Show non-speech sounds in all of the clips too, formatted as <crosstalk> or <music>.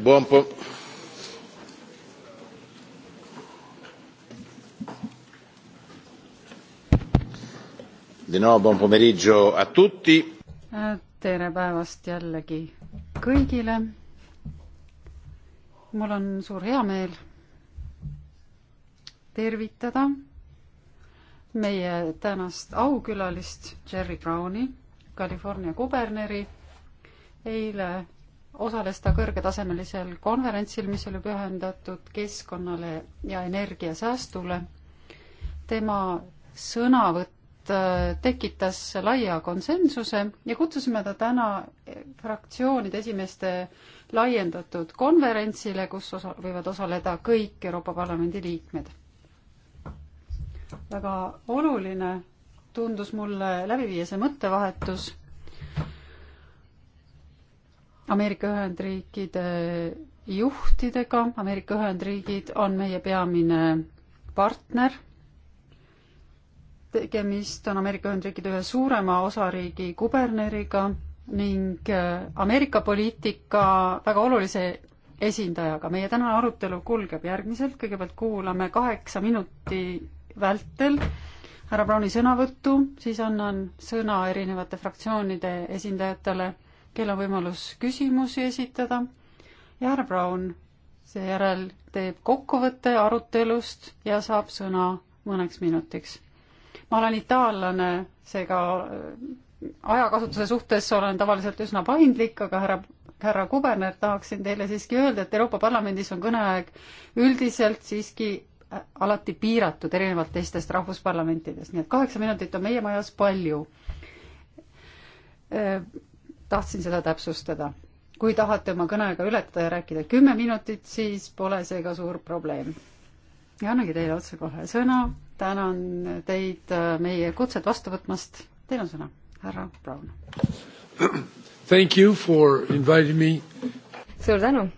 Buon po- Di nuovo buon pomeriggio a tutti. Äh, tere päevast jällegi kõigile. mul on suur heameel tervitada meie tänast aukülalist Jerry Browni, California kuberneri. eile osales ta kõrgetasemelisel konverentsil, mis oli pühendatud keskkonnale ja energiasäästule. tema sõnavõtt äh, tekitas laia konsensuse ja kutsusime ta täna fraktsioonide esimeeste laiendatud konverentsile, kus osa, võivad osaleda kõik Euroopa Parlamendi liikmed väga oluline tundus mulle läbi viia see mõttevahetus Ameerika Ühendriikide juhtidega, Ameerika Ühendriigid on meie peamine partner, tegemist on Ameerika Ühendriikide ühe suurema osariigi kuberneriga ning äh, Ameerika poliitika väga olulise esindajaga. meie tänane arutelu kulgeb järgmiselt, kõigepealt kuulame kaheksa minuti vältel härra Browni sõnavõttu, siis annan sõna erinevate fraktsioonide esindajatele, kel on võimalus küsimusi esitada ja härra Brown seejärel teeb kokkuvõtte arutelust ja saab sõna mõneks minutiks. ma olen itaallane, seega äh, ajakasutuse suhtes olen tavaliselt üsna paindlik, aga härra, härra kuberner, tahaksin teile siiski öelda, et Euroopa Parlamendis on kõneaeg üldiselt siiski alati piiratud, erinevalt teistest rahvusparlamentidest, nii et kaheksa minutit on meie majas palju. Äh, tahtsin seda täpsustada. kui tahate oma kõnega ületada ja rääkida kümme minutit, siis pole see ka suur probleem. ja annangi teile otsekohe sõna, tänan teid äh, meie kutset vastu võtmast, teil on sõna, härra Brown. Thank you for inviting me. suur tänu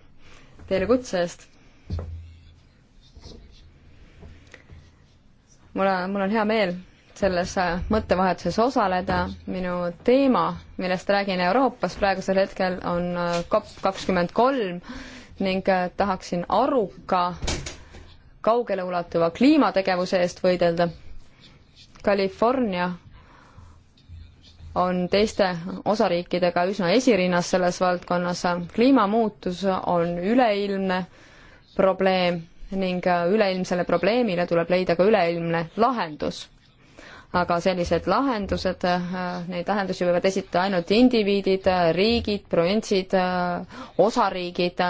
teile kutse eest mul on, mul on hea meel selles äh, mõttevahetuses osaleda. minu teema, millest räägin Euroopas praegusel hetkel, on äh, COP kakskümmend kolm ning äh, tahaksin aruka kaugeleulatava kliimategevuse eest võidelda. California on teiste osariikidega üsna esirinnas selles valdkonnas. kliimamuutus on üleilmne probleem ning äh, üleilmsele probleemile tuleb leida ka üleilmne lahendus. aga sellised lahendused, äh, neid lahendusi võivad esitada ainult indiviidid, äh, riigid, provintsid, osariigid.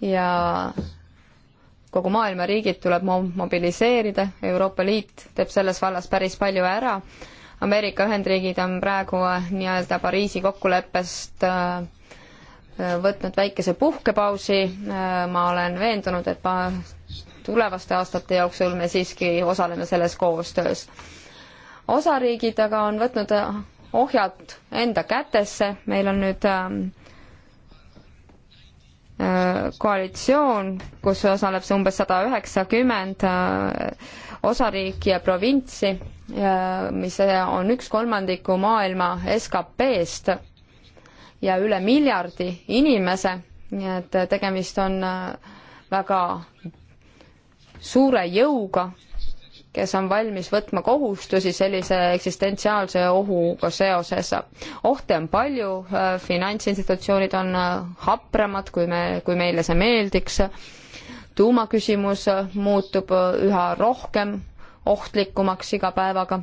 ja kogu maailma riigid tuleb mobiliseerida, Euroopa Liit teeb selles vallas päris palju ära. Ameerika Ühendriigid on praegu nii-öelda Pariisi kokkuleppest äh, võtnud väikese puhkepausi, ma olen veendunud, et ma tulevaste aastate jooksul me siiski osaleme selles koostöös. osariigid aga on võtnud ohjad enda kätesse, meil on nüüd äh, koalitsioon, kus osaleb see umbes sada üheksakümmend äh, osariiki ja provintsi, mis on üks kolmandiku maailma SKP-st ja üle miljardi inimese, nii et tegemist on äh, väga suure jõuga, kes on valmis võtma kohustusi sellise eksistentsiaalse ohuga seoses. ohte on palju, äh, finantsinstitutsioonid on äh, hapramad, kui me, kui meile see meeldiks. tuumaküsimus muutub üha rohkem ohtlikumaks iga päevaga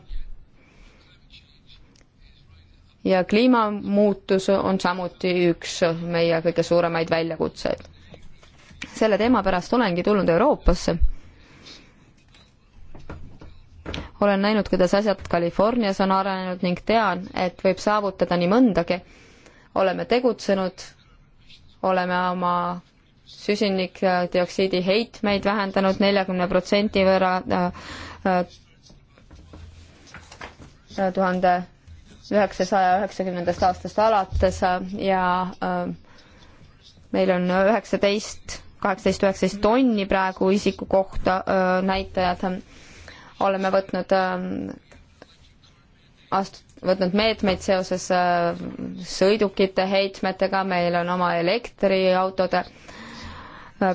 ja kliimamuutus on samuti üks meie kõige suuremaid väljakutseid. selle teema pärast olengi tulnud Euroopasse. olen näinud, kuidas asjad Californias on arenenud ning tean, et võib saavutada nii mõndagi. oleme tegutsenud, oleme oma süsinikdioksiidi heitmeid vähendanud neljakümne protsendi võrra äh, äh, tuhande üheksasaja üheksakümnendast aastast alates äh, ja äh, meil on üheksateist, kaheksateist, üheksateist tonni praegu isiku kohta äh, näitajad. oleme võtnud astu-, võtnud meetmeid seoses sõidukite heitmetega, meil on oma elektriautode äh,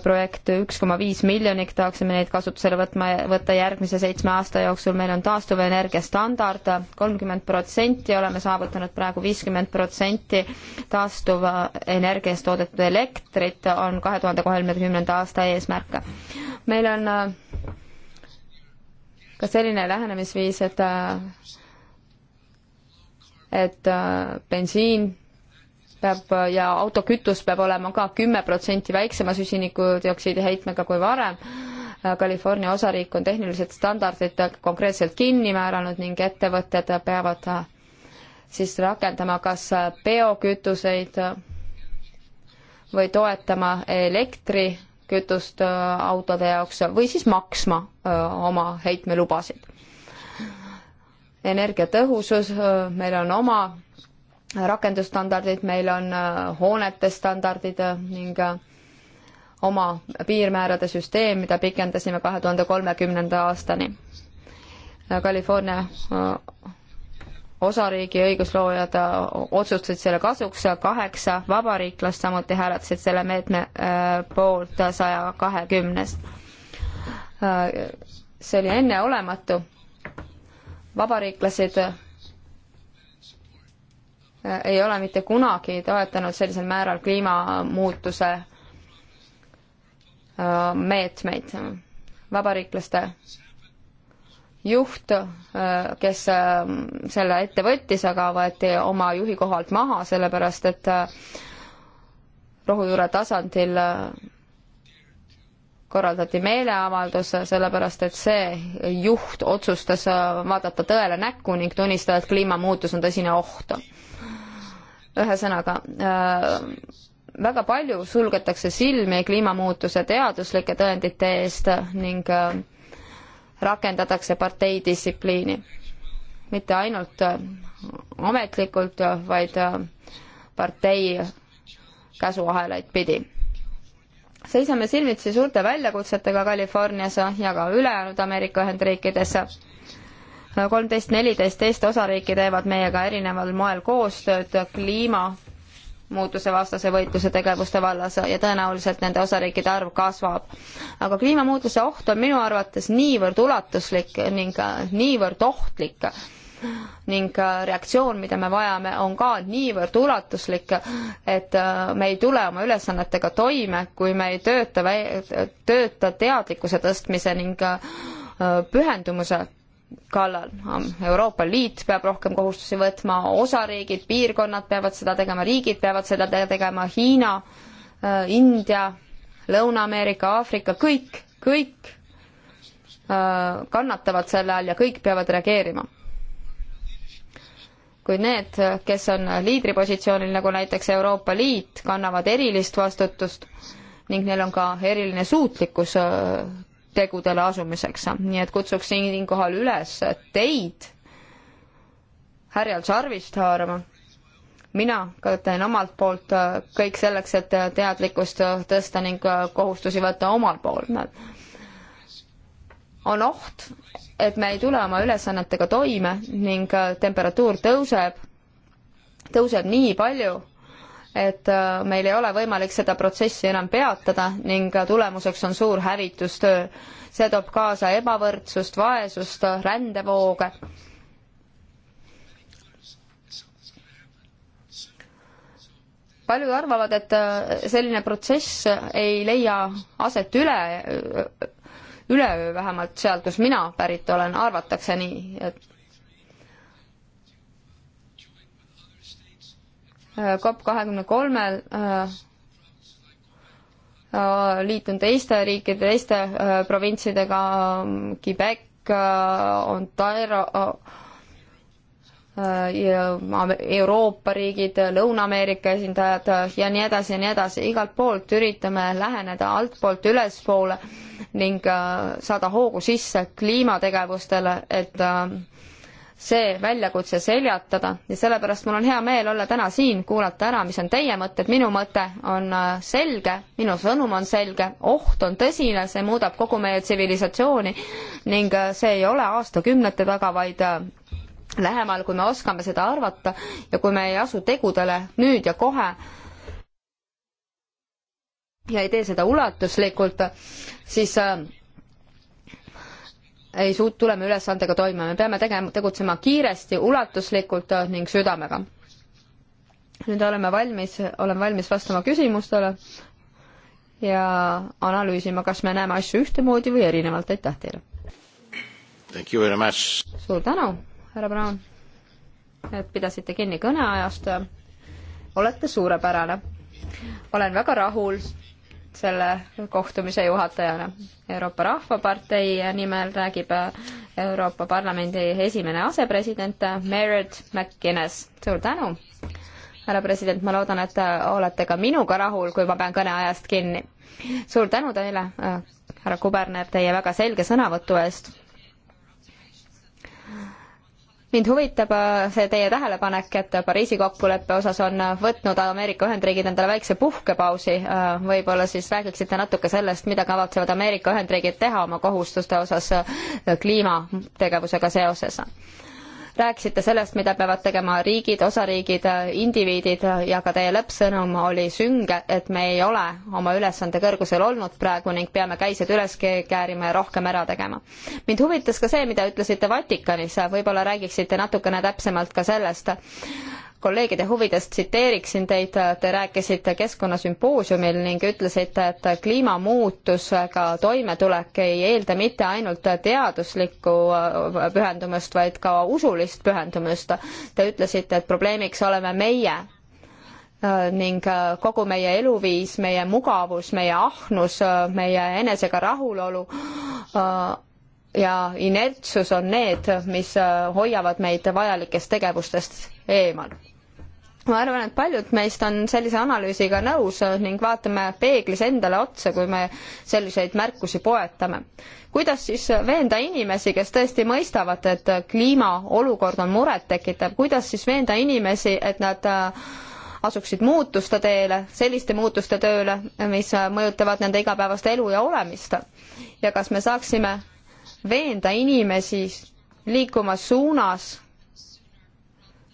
projekte, üks koma viis miljonit, tahaksime neid kasutusele võtma, võtta järgmise seitsme aasta jooksul, meil on taastuvenergia standard, kolmkümmend protsenti, oleme saavutanud praegu viiskümmend protsenti taastuvenergiast toodetud elektrit, on kahe tuhande kolmekümnenda aasta eesmärk. meil on äh, ka selline lähenemisviis, et äh, et äh, bensiin peab ja autokütus peab olema ka kümme protsenti väiksema süsinikudioksiidi heitmega kui varem. California osariik on tehnilised standardid konkreetselt kinni määranud ning ettevõtted peavad siis rakendama kas biokütuseid või toetama elektrikütust autode jaoks või siis maksma oma heitmelubasid energiatõhusus, meil on oma rakendusstandardid, meil on äh, hoonete standardid äh, ning äh, oma piirmäärade süsteem, mida pikendasime kahe tuhande kolmekümnenda aastani. California osariigi õigusloojad otsustasid selle kasuks, kaheksa vabariiklast samuti hääletasid selle meetme poolt saja kahekümnest. see oli enneolematu. vabariiklased Äh, ei ole mitte kunagi toetanud sellisel määral kliimamuutuse äh, meetmeid. vabariiklaste juht, äh, kes selle ette võttis, aga võeti oma juhi kohalt maha, sellepärast et rohujuure tasandil korraldati meeleavaldus, sellepärast et see juht otsustas vaadata tõele näkku ning tunnistada, et kliimamuutus on tõsine oht ühesõnaga äh, väga palju sulgetakse silmi kliimamuutuse teaduslike tõendite eest ning äh, rakendatakse parteidistsipliini. mitte ainult äh, ametlikult, vaid partei käsuahelaid pidi. seisame silmitsi suurte väljakutsetega Californias ja ka ülejäänud Ameerika Ühendriikides kolmteist, neliteist teist osariiki teevad meiega erineval moel koostööd kliimamuutuse vastase võitluse tegevuste vallas ja tõenäoliselt nende osariikide arv kasvab. aga kliimamuutuse oht on minu arvates niivõrd ulatuslik ning äh, niivõrd ohtlik, ning äh, reaktsioon, mida me vajame, on ka niivõrd ulatuslik, et äh, me ei tule oma ülesannetega toime, kui me ei tööta, tööta teadlikkuse tõstmise ning pühendumuse kallal. Euroopa Liit peab rohkem kohustusi võtma, osariigid, piirkonnad peavad seda tegema, riigid peavad seda tegema, Hiina, äh, India, Lõuna-Ameerika, Aafrika, kõik, kõik äh, kannatavad selle all ja kõik peavad reageerima. kuid need, kes on liidripositsioonil, nagu näiteks Euroopa Liit, kannavad erilist vastutust ning neil on ka eriline suutlikkus äh, tegudele asumiseks. nii et kutsuks siinkohal üles teid härjal sarvist haarama. mina ka teen omalt poolt kõik selleks, et teadlikkust tõsta ning kohustusi võtta omal pool. on oht, et me ei tule oma ülesannetega toime ning temperatuur tõuseb, tõuseb nii palju, et äh, meil ei ole võimalik seda protsessi enam peatada ning äh, tulemuseks on suur hävitustöö. see toob kaasa ebavõrdsust, vaesust, rändevooge. paljud arvavad, et äh, selline protsess ei leia aset üle, üleöö vähemalt seal, kus mina pärit olen, arvatakse nii, et COP kahekümne kolmel äh, äh, liitun teiste riikide, teiste äh, provintsidega, Quebec, Ontario, Euroopa riigid, Lõuna-Ameerika esindajad ja nii edasi ja nii edasi, igalt poolt üritame läheneda altpoolt ülespoole ning saada hoogu sisse kliimategevustele, et see väljakutse seljatada ja sellepärast mul on hea meel olla täna siin, kuulata ära, mis on teie mõtted, minu mõte on äh, selge, minu sõnum on selge, oht on tõsine, see muudab kogu meie tsivilisatsiooni ning äh, see ei ole aastakümnete taga, vaid äh, lähemal, kui me oskame seda arvata ja kui me ei asu tegudele nüüd ja kohe, ja ei tee seda ulatuslikult, siis äh, ei suut-, tuleme ülesandega toime, me peame tegema, tegutsema kiiresti, ulatuslikult äh, ning südamega. nüüd oleme valmis, olen valmis vastama küsimustele ja analüüsima, kas me näeme asju ühtemoodi või erinevalt, aitäh teile! suur tänu, härra Brown, et pidasite kinni kõneajast, olete suurepärane. olen väga rahul selle kohtumise juhatajana. Euroopa Rahvapartei nimel räägib äh, Euroopa Parlamendi esimene asepresident äh, Merit McGuinness. suur tänu, härra president, ma loodan, et äh, olete ka minuga rahul, kui ma pean kõneajast kinni. suur tänu teile, härra kuberner, teie väga selge sõnavõtu eest mind huvitab äh, see teie tähelepanek, et Pariisi kokkuleppe osas on võtnud Ameerika Ühendriigid endale väikse puhkepausi. Äh, võib-olla siis räägiksite natuke sellest, mida kavatsevad Ameerika Ühendriigid teha oma kohustuste osas äh, kliimategevusega seoses? rääkisite sellest, mida peavad tegema riigid, osariigid, indiviidid ja ka teie lõppsõnum oli sünge, et me ei ole oma ülesande kõrgusel olnud praegu ning peame käised üles käärima ja rohkem ära tegema. mind huvitas ka see, mida ütlesite Vatikanis, võib-olla räägiksite natukene täpsemalt ka sellest kolleegide huvides tsiteeriksin teid, te rääkisite keskkonnasümpoosiumil ning ütlesite, et kliimamuutusega toimetulek ei eelda mitte ainult teaduslikku äh, pühendumust, vaid ka usulist pühendumust. Te ütlesite, et probleemiks oleme meie äh, ning äh, kogu meie eluviis, meie mugavus, meie ahnus, meie enesega rahulolu ja inertsus on need, mis hoiavad meid vajalikest tegevustest eemal ma arvan, et paljud meist on sellise analüüsiga nõus ning vaatame peeglis endale otsa, kui me selliseid märkusi poetame. kuidas siis veenda inimesi, kes tõesti mõistavad, et kliimaolukord on murettekitav, kuidas siis veenda inimesi, et nad äh, asuksid muutuste teele, selliste muutuste tööle, mis äh, mõjutavad nende igapäevast elu ja olemist. ja kas me saaksime veenda inimesi liikuma suunas,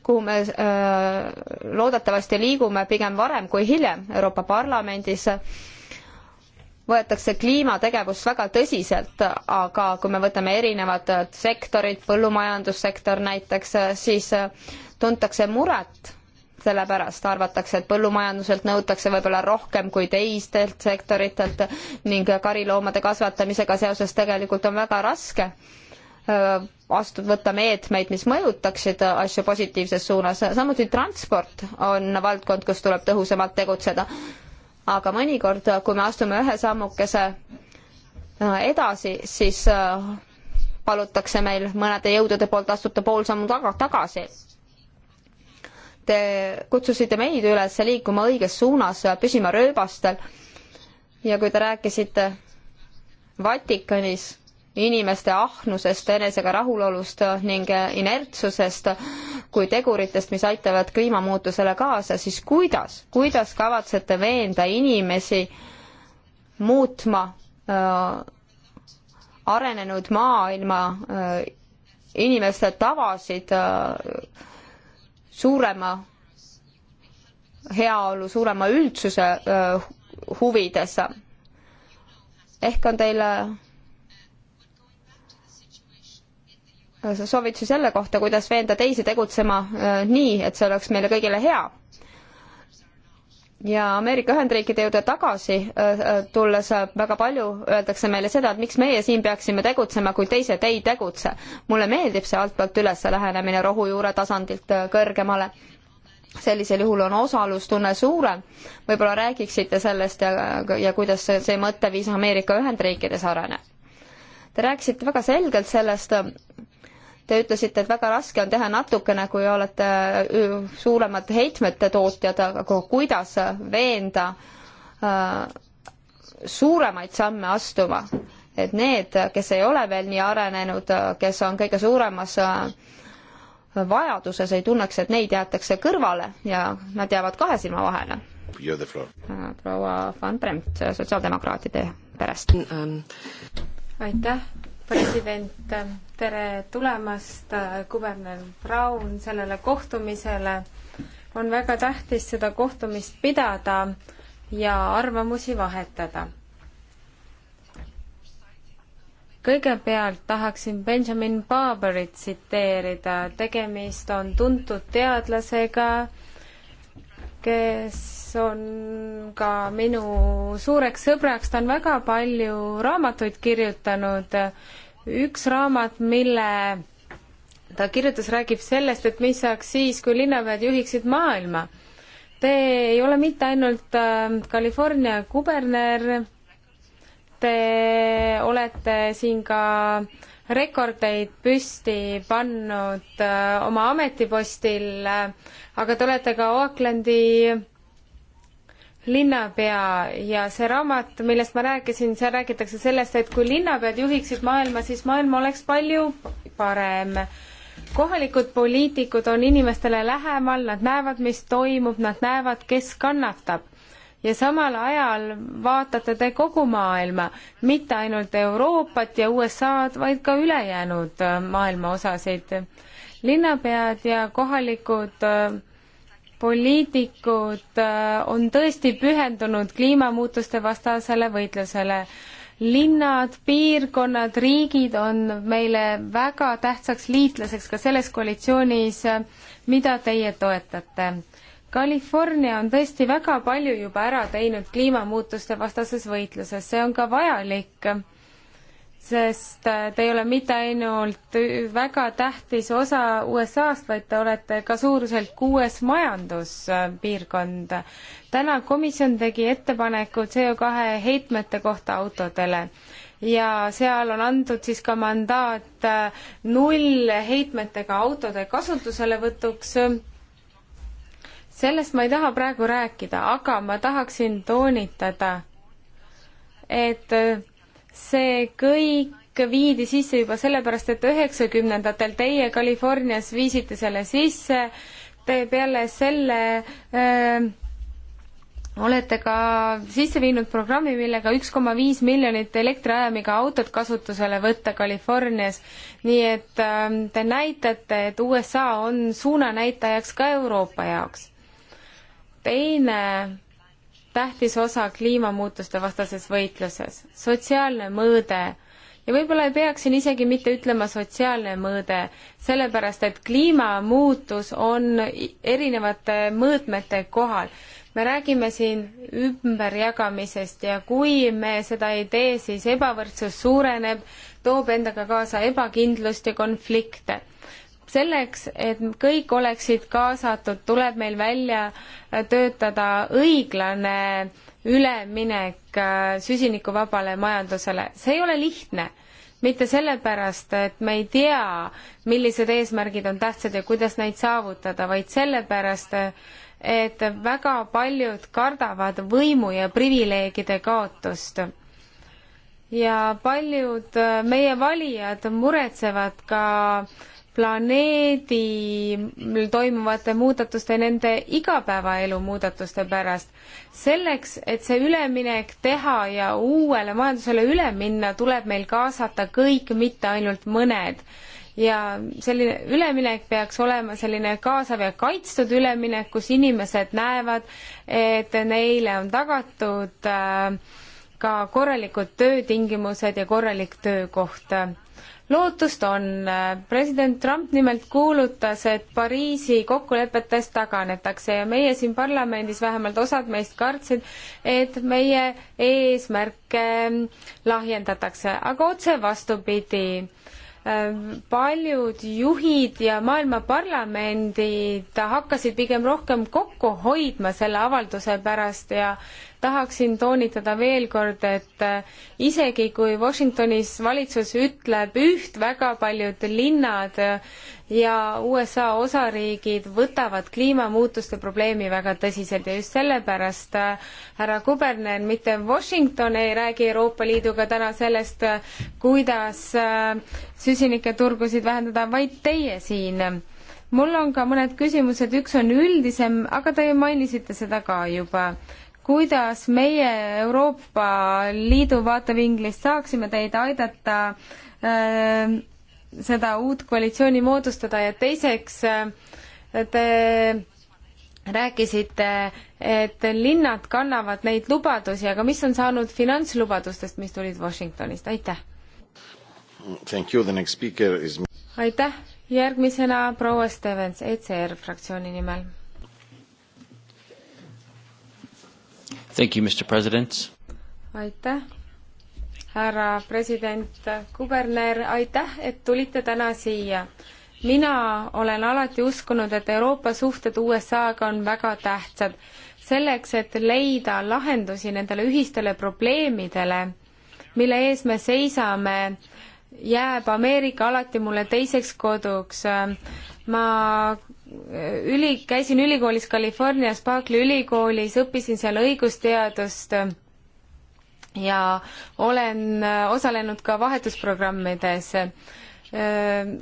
kuhu me äh, loodetavasti liigume pigem varem kui hiljem Euroopa Parlamendis võetakse kliimategevust väga tõsiselt, aga kui me võtame erinevad sektorid, põllumajandussektor näiteks, siis äh, tuntakse muret sellepärast, arvatakse, et põllumajanduselt nõutakse võib-olla rohkem kui teistelt sektoritelt ning kariloomade kasvatamisega seoses tegelikult on väga raske astud, võtta meetmeid, mis mõjutaksid asju positiivses suunas, samuti transport on valdkond, kus tuleb tõhusamalt tegutseda. aga mõnikord, kui me astume ühe sammukese edasi, siis palutakse meil mõnede jõudude poolt astuda pool sammu taga, tagasi. Te kutsusite meid üles liikuma õiges suunas, püsima rööbastel ja kui te rääkisite Vatikanis inimeste ahnusest, enesega rahulolust ning inertsusest kui teguritest, mis aitavad kliimamuutusele kaasa, siis kuidas, kuidas kavatsete veenda inimesi muutma äh, arenenud maailma äh, inimeste tavasid äh, suurema heaolu, suurema üldsuse äh, huvides? ehk on teil äh, soovitusi selle kohta, kuidas veenda teisi tegutsema äh, nii, et see oleks meile kõigile hea. ja Ameerika Ühendriikide juurde tagasi äh, äh, tulles väga palju öeldakse meile seda, et miks meie siin peaksime tegutsema, kui teised ei tegutse. mulle meeldib see altpoolt üles lähenemine rohujuure tasandilt kõrgemale sellisel juhul on osalustunne suurem. võib-olla räägiksite sellest ja, ja kuidas see, see mõtteviis Ameerika Ühendriikides areneb? Te rääkisite väga selgelt sellest, Te ütlesite, et väga raske on teha natukene, kui olete äh, suuremad heitmete tootjad, aga kuidas veenda äh, suuremaid samme astuma, et need, kes ei ole veel nii arenenud, kes on kõige suuremas äh, vajaduses, ei tunneks, et neid jäetakse kõrvale ja nad jäävad kahe silma vahele. proua Van Bremt sotsiaaldemokraatide perest. Ähm. aitäh president, tere tulemast, kuberner Brown, sellele kohtumisele. on väga tähtis seda kohtumist pidada ja arvamusi vahetada. kõigepealt tahaksin Benjamin Barberit tsiteerida, tegemist on tuntud teadlasega, kes on ka minu suureks sõbraks, ta on väga palju raamatuid kirjutanud. üks raamat, mille ta kirjutas, räägib sellest, et mis saaks siis, kui linnapead juhiksid maailma. Te ei ole mitte ainult äh, California kuberner, te olete siin ka rekordeid püsti pannud äh, oma ametipostil äh,, aga te olete ka Aucklandi linnapea ja see raamat, millest ma rääkisin, seal räägitakse sellest, et kui linnapead juhiksid maailma, siis maailm oleks palju parem. kohalikud poliitikud on inimestele lähemal, nad näevad, mis toimub, nad näevad, kes kannatab. ja samal ajal vaatate te kogu maailma, mitte ainult Euroopat ja USA-d, vaid ka ülejäänud maailma osasid. linnapead ja kohalikud äh, poliitikud äh, on tõesti pühendunud kliimamuutuste vastasele võitlusele. linnad, piirkonnad, riigid on meile väga tähtsaks liitlaseks ka selles koalitsioonis, mida teie toetate. California on tõesti väga palju juba ära teinud kliimamuutuste vastases võitluses, see on ka vajalik sest äh, te ei ole mitte ainult väga tähtis osa USA-st, vaid te olete ka suuruselt kuues majanduspiirkond. täna komisjon tegi ettepaneku CO2 heitmete kohta autodele ja seal on antud siis ka mandaat äh, nullheitmetega autode kasutuselevõtuks. sellest ma ei taha praegu rääkida, aga ma tahaksin toonitada, et äh, see kõik viidi sisse juba sellepärast, et üheksakümnendatel teie Californias viisite selle sisse, te peale selle öö, ähm, olete ka sisse viinud programmi, millega üks koma viis miljonit elektriajamiga autot kasutusele võtta Californias. nii et äh, te näitate, et USA on suunanäitajaks ka Euroopa jaoks. teine tähtis osa kliimamuutuste vastases võitluses, sotsiaalne mõõde ja võib-olla ei peaks siin isegi mitte ütlema sotsiaalne mõõde, sellepärast et kliimamuutus on erinevate mõõtmete kohal. me räägime siin ümberjagamisest ja kui me seda ei tee, siis ebavõrdsus suureneb, toob endaga kaasa ebakindlust ja konflikte selleks, et kõik oleksid kaasatud, tuleb meil välja äh, töötada õiglane üleminek äh, süsinikuvabale majandusele. see ei ole lihtne, mitte sellepärast, et me ei tea, millised eesmärgid on tähtsad ja kuidas neid saavutada, vaid sellepärast, et väga paljud kardavad võimu ja privileegide kaotust. ja paljud äh, meie valijad muretsevad ka äh, planeedil toimuvate muudatuste, nende igapäevaelu muudatuste pärast. selleks, et see üleminek teha ja uuele majandusele üle minna, tuleb meil kaasata kõik, mitte ainult mõned. ja selline üleminek peaks olema selline kaasav ja kaitstud üleminek, kus inimesed näevad, et neile on tagatud äh, ka korralikud töötingimused ja korralik töökoht lootust on. president Trump nimelt kuulutas, et Pariisi kokkulepetest taganetakse ja meie siin parlamendis, vähemalt osad meist kartsid, et meie eesmärke lahjendatakse, aga otse vastupidi. paljud juhid ja maailma parlamendid hakkasid pigem rohkem kokku hoidma selle avalduse pärast ja tahaksin toonitada veel kord, et äh, isegi kui Washingtonis valitsus ütleb üht, väga paljud linnad äh, ja USA osariigid võtavad kliimamuutuste probleemi väga tõsiselt ja just sellepärast äh, härra kuberner, mitte Washington ei räägi Euroopa Liiduga täna sellest, kuidas süsiniketurgusid vähendada, vaid teie siin mul on ka mõned küsimused, üks on üldisem, aga te mainisite seda ka juba kuidas meie Euroopa Liidu vaatevinklist saaksime teid aidata äh, seda uut koalitsiooni moodustada ja teiseks äh, te rääkisite, et linnad kannavad neid lubadusi, aga mis on saanud finantslubadustest, mis tulid Washingtonist, aitäh! Is... aitäh, järgmisena proua Stevens ECR fraktsiooni nimel Thank you, Mr President. aitäh, härra president, kuberner, aitäh, et tulite täna siia mina olen alati uskunud, et Euroopa suhted USA-ga on väga tähtsad selleks, et leida lahendusi nendele ühistele probleemidele, mille ees me seisame, jääb Ameerika alati mulle teiseks koduks. ma üli, käisin ülikoolis Californias, Berkeley ülikoolis, õppisin seal õigusteadust ja olen osalenud ka vahetusprogrammides.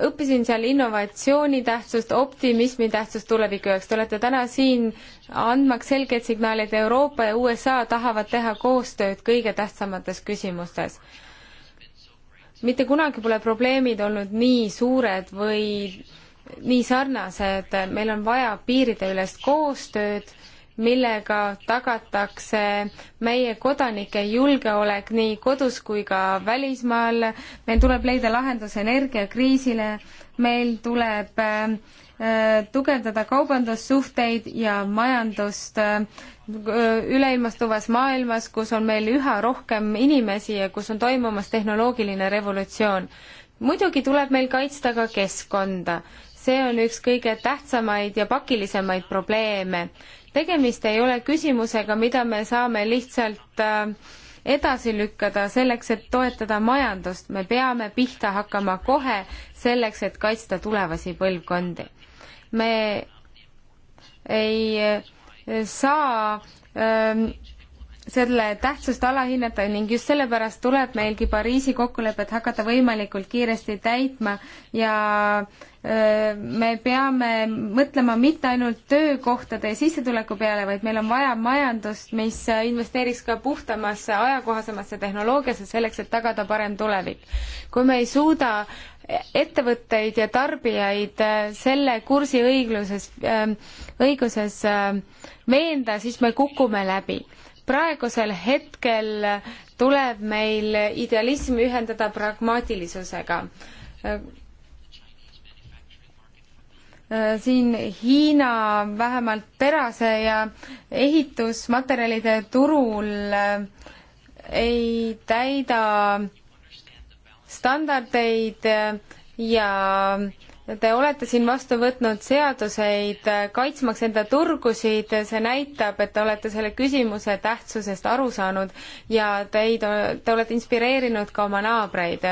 õppisin seal innovatsiooni tähtsust, optimismi tähtsust tuleviku jaoks. Te olete täna siin andmaks selgeid signaale, et Euroopa ja USA tahavad teha koostööd kõige tähtsamates küsimustes mitte kunagi pole probleemid olnud nii suured või nii sarnased, meil on vaja piirideülest koostööd, millega tagatakse meie kodanike julgeolek nii kodus kui ka välismaal, meil tuleb leida lahendus energiakriisile, meil tuleb äh, tugevdada kaubandussuhteid ja majandust äh, üleilmastuvas maailmas, kus on meil üha rohkem inimesi ja kus on toimumas tehnoloogiline revolutsioon muidugi tuleb meil kaitsta ka keskkonda see on üks kõige tähtsamaid ja pakilisemaid probleeme. tegemist ei ole küsimusega, mida me saame lihtsalt äh, edasi lükkada selleks, et toetada majandust. me peame pihta hakkama kohe selleks, et kaitsta tulevasi põlvkondi. me ei äh, saa öö, ähm, selle tähtsust alahinnata ning just sellepärast tuleb meilgi Pariisi kokkulepet hakata võimalikult kiiresti täitma ja öö, me peame mõtlema mitte ainult töökohtade ja sissetuleku peale, vaid meil on vaja majandust, mis investeeriks ka puhtamasse, ajakohasemasse tehnoloogiasse selleks, et tagada parem tulevik. kui me ei suuda ettevõtteid ja tarbijaid äh, selle kursi õigluses, äh, õiguses äh, veenda, siis me kukume läbi praegusel hetkel tuleb meil idealism ühendada pragmaatilisusega. siin Hiina vähemalt terase ja ehitusmaterjalide turul ei täida standardeid ja äh, Te olete siin vastu võtnud seaduseid äh, kaitsmaks enda turgusid, see näitab, et te olete selle küsimuse tähtsusest aru saanud ja teid, te olete inspireerinud ka oma naabreid.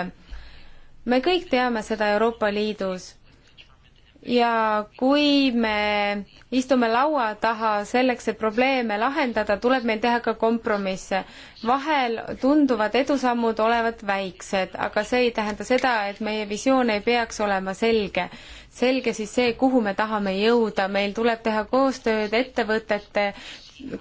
me kõik teame seda Euroopa Liidus ja kui me istume laua taha selleks, et probleeme lahendada, tuleb meil teha ka kompromisse. vahel tunduvad edusammud olevat väiksed, aga see ei tähenda seda, et meie visioon ei peaks olema selge. selge siis see, kuhu me tahame jõuda, meil tuleb teha koostööd ettevõtete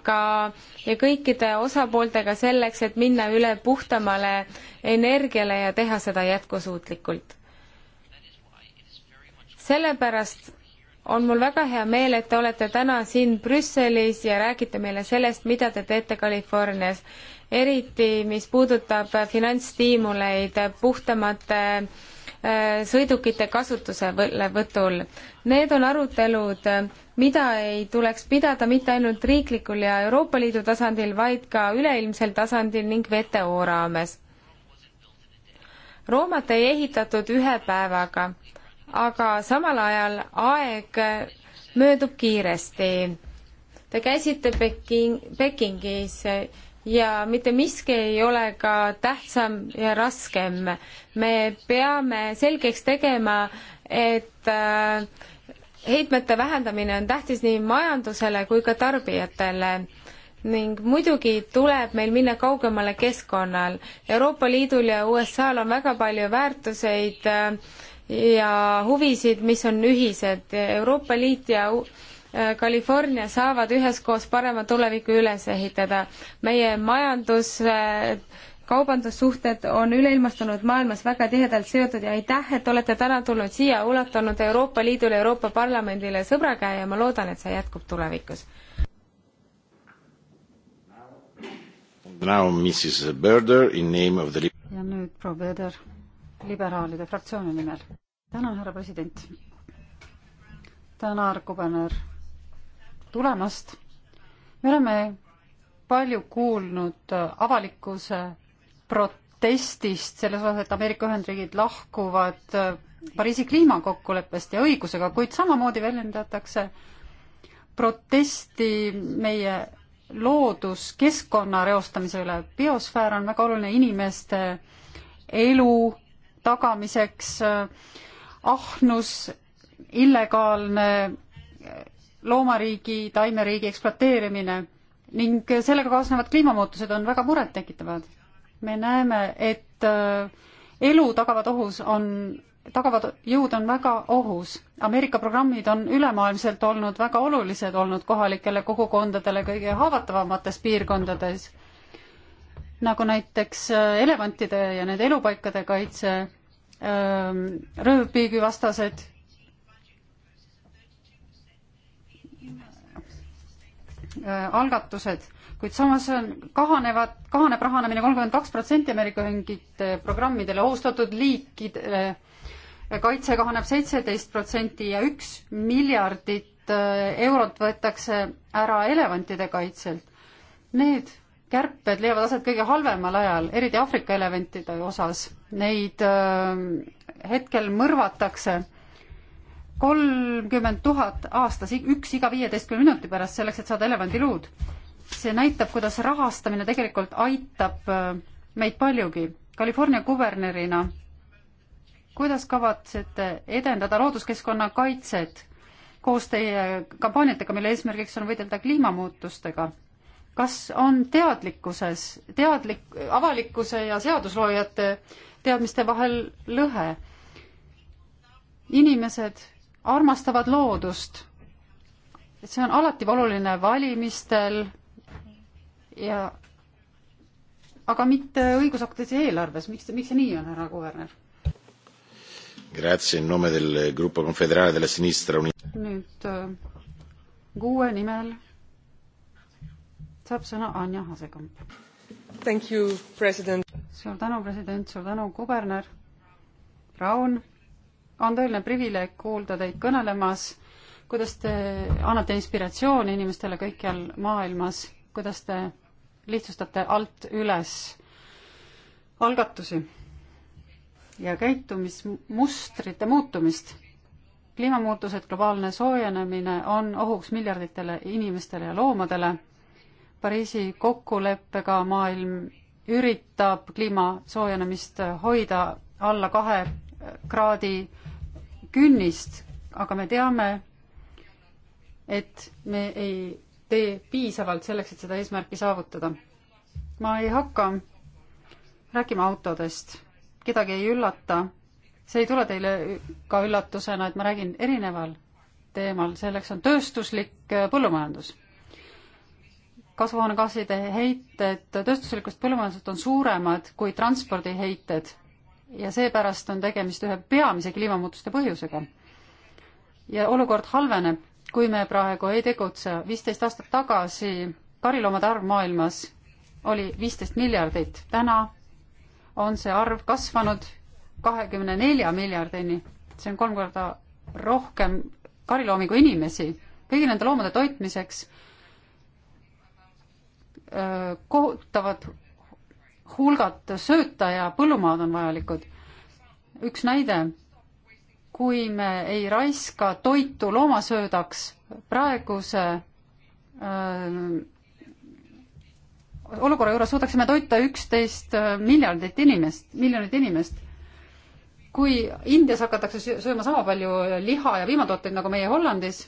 ka ja kõikide osapooltega selleks, et minna üle puhtamale energiale ja teha seda jätkusuutlikult sellepärast on mul väga hea meel, et te olete täna siin Brüsselis ja räägite meile sellest, mida te teete Californias. eriti, mis puudutab finantsstiimuleid puhtamate äh, sõidukite kasutuselevõtul. Need on arutelud, mida ei tuleks pidada mitte ainult riiklikul ja Euroopa Liidu tasandil, vaid ka üleilmsel tasandil ning WTO raames. Roomat ei ehitatud ühe päevaga aga samal ajal aeg möödub kiiresti. Te käisite Peking, Pekingis ja mitte miski ei ole ka tähtsam ja raskem. me peame selgeks tegema, et äh, heitmete vähendamine on tähtis nii majandusele kui ka tarbijatele ning muidugi tuleb meil minna kaugemale keskkonnal. Euroopa Liidul ja USA-l on väga palju väärtuseid äh, ja huvisid, mis on ühised. Euroopa Liit ja äh, California saavad üheskoos parema tuleviku üles ehitada. meie majandus, äh, kaubandussuhted on üleilmastunud maailmas väga tihedalt seotud ja aitäh, et olete täna tulnud siia, ulatanud Euroopa Liidule, Euroopa Parlamendile sõbrakäe ja ma loodan, et see jätkub tulevikus. ja nüüd proua Berder liberaalide fraktsiooni nimel. tänan, härra president. tänan, kuberner, tulemast. me oleme palju kuulnud äh, avalikkuse protestist selles osas, et Ameerika Ühendriigid lahkuvad äh, Pariisi kliimakokkuleppest ja õigusega, kuid samamoodi väljendatakse protesti meie looduskeskkonna reostamise üle. biosfäär on väga oluline inimeste elu tagamiseks ahnus, illegaalne loomariigi, taimeriigi ekspluateerimine ning sellega kaasnevad kliimamuutused on väga murettekitavad. me näeme, et äh, elu tagavad ohus on, tagavad jõud on väga ohus. Ameerika programmid on ülemaailmselt olnud väga olulised olnud kohalikele kogukondadele kõige haavatavamates piirkondades nagu näiteks äh, elevantide ja nende elupaikade kaitse, ähm, röövpüügivastased, äh, algatused, kuid samas on, kahanevad, kahaneb rahanemine kolmkümmend kaks protsenti Ameerika Ühendriikide programmidele, ohustatud liikidele äh, kaitse kahaneb seitseteist protsenti ja üks miljardit eurot võetakse ära elevantide kaitselt. Need kärped leiavad aset kõige halvemal ajal, eriti Aafrika elevantide osas. Neid äh, hetkel mõrvatakse kolmkümmend tuhat aastas, üks iga viieteistkümne minuti pärast, selleks et saada elevandiluud. see näitab, kuidas rahastamine tegelikult aitab äh, meid paljugi. California kubernerina, kuidas kavatsete edendada looduskeskkonna kaitset koos teie kampaaniatega, mille eesmärgiks on võidelda kliimamuutustega? kas on teadlikkuses, teadlik, avalikkuse ja seadusloojate teadmiste vahel lõhe? inimesed armastavad loodust. et see on alati oluline valimistel ja aga mitte õigusaktides ja eelarves, miks, miks see nii on, härra kuverner? nüüd äh, GUE nimel saab sõna Anja Asekamp. Thank you, president. suur tänu, president, suur tänu, kuberner. Raun, on tõeline privileeg kuulda teid kõnelemas, kuidas te annate inspiratsiooni inimestele kõikjal maailmas, kuidas te lihtsustate alt üles algatusi ja käitumismustrite muutumist. kliimamuutused, globaalne soojenemine on ohuks miljarditele inimestele ja loomadele Pariisi kokkuleppega maailm üritab kliima soojenemist hoida alla kahe kraadi künnist, aga me teame, et me ei tee piisavalt selleks, et seda eesmärki saavutada. ma ei hakka rääkima autodest, kedagi ei üllata, see ei tule teile ka üllatusena, et ma räägin erineval teemal, selleks on tööstuslik põllumajandus kasvuhoonegaaside heited tööstuslikust põllumajandusest on suuremad kui transpordiheited ja seepärast on tegemist ühe peamise kliimamuutuste põhjusega. ja olukord halveneb, kui me praegu ei tegutse. viisteist aastat tagasi kariloomade arv maailmas oli viisteist miljardit, täna on see arv kasvanud kahekümne nelja miljardini, see on kolm korda rohkem kariloomi kui inimesi. kõigi nende loomade toitmiseks kohutavad hulgad sööta ja põllumaad on vajalikud. üks näide, kui me ei raiska toitu loomasöödaks praeguse öö, äh, olukorra juures suudaksime toita üksteist äh, miljardit inimest, miljonit inimest. kui Indias hakatakse sööma sama palju liha ja piimatooteid nagu meie Hollandis,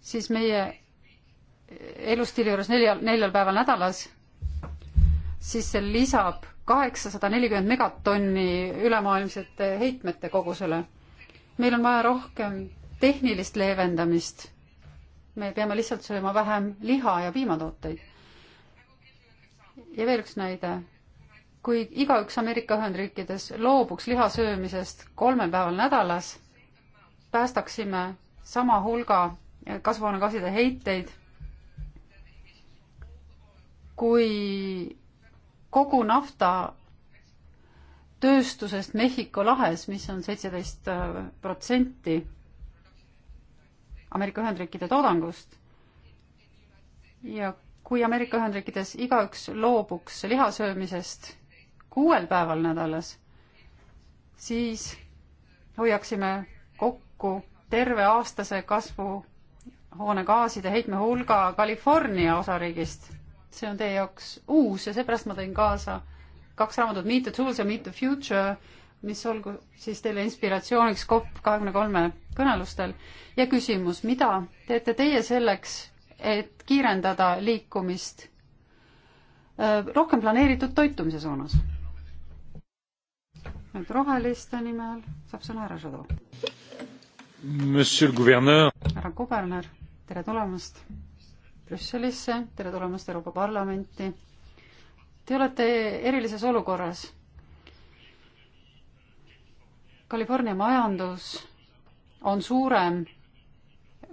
siis meie elustiili juures neljal, neljal päeval nädalas, siis see lisab kaheksasada nelikümmend megatonni ülemaailmsete heitmete kogusele. meil on vaja rohkem tehnilist leevendamist. me peame lihtsalt sööma vähem liha ja piimatooteid. ja veel üks näide. kui igaüks Ameerika Ühendriikides loobuks liha söömisest kolmel päeval nädalas, päästaksime sama hulga kasvuhoonegaaside heiteid kui kogu nafta tööstusest Mehhiko lahes, mis on seitseteist äh, protsenti Ameerika Ühendriikide toodangust ja kui Ameerika Ühendriikides igaüks loobuks lihasöömisest kuuel päeval nädalas, siis hoiaksime kokku terve aastase kasvu hoonegaaside heitme hulga California osariigist see on teie jaoks uus ja seepärast ma tõin kaasa kaks raamatut Meet the Tools ja Meet the Future, mis olgu siis teile inspiratsiooniks COP kahekümne kolme kõnelustel. ja küsimus, mida teete teie selleks, et kiirendada liikumist äh, rohkem planeeritud toitumise suunas? nüüd roheliste nimel saab sõna härra Šado. härra kuberner, tere tulemast Brüsselisse, tere tulemast Euroopa Parlamenti. Te olete erilises olukorras. California majandus on suurem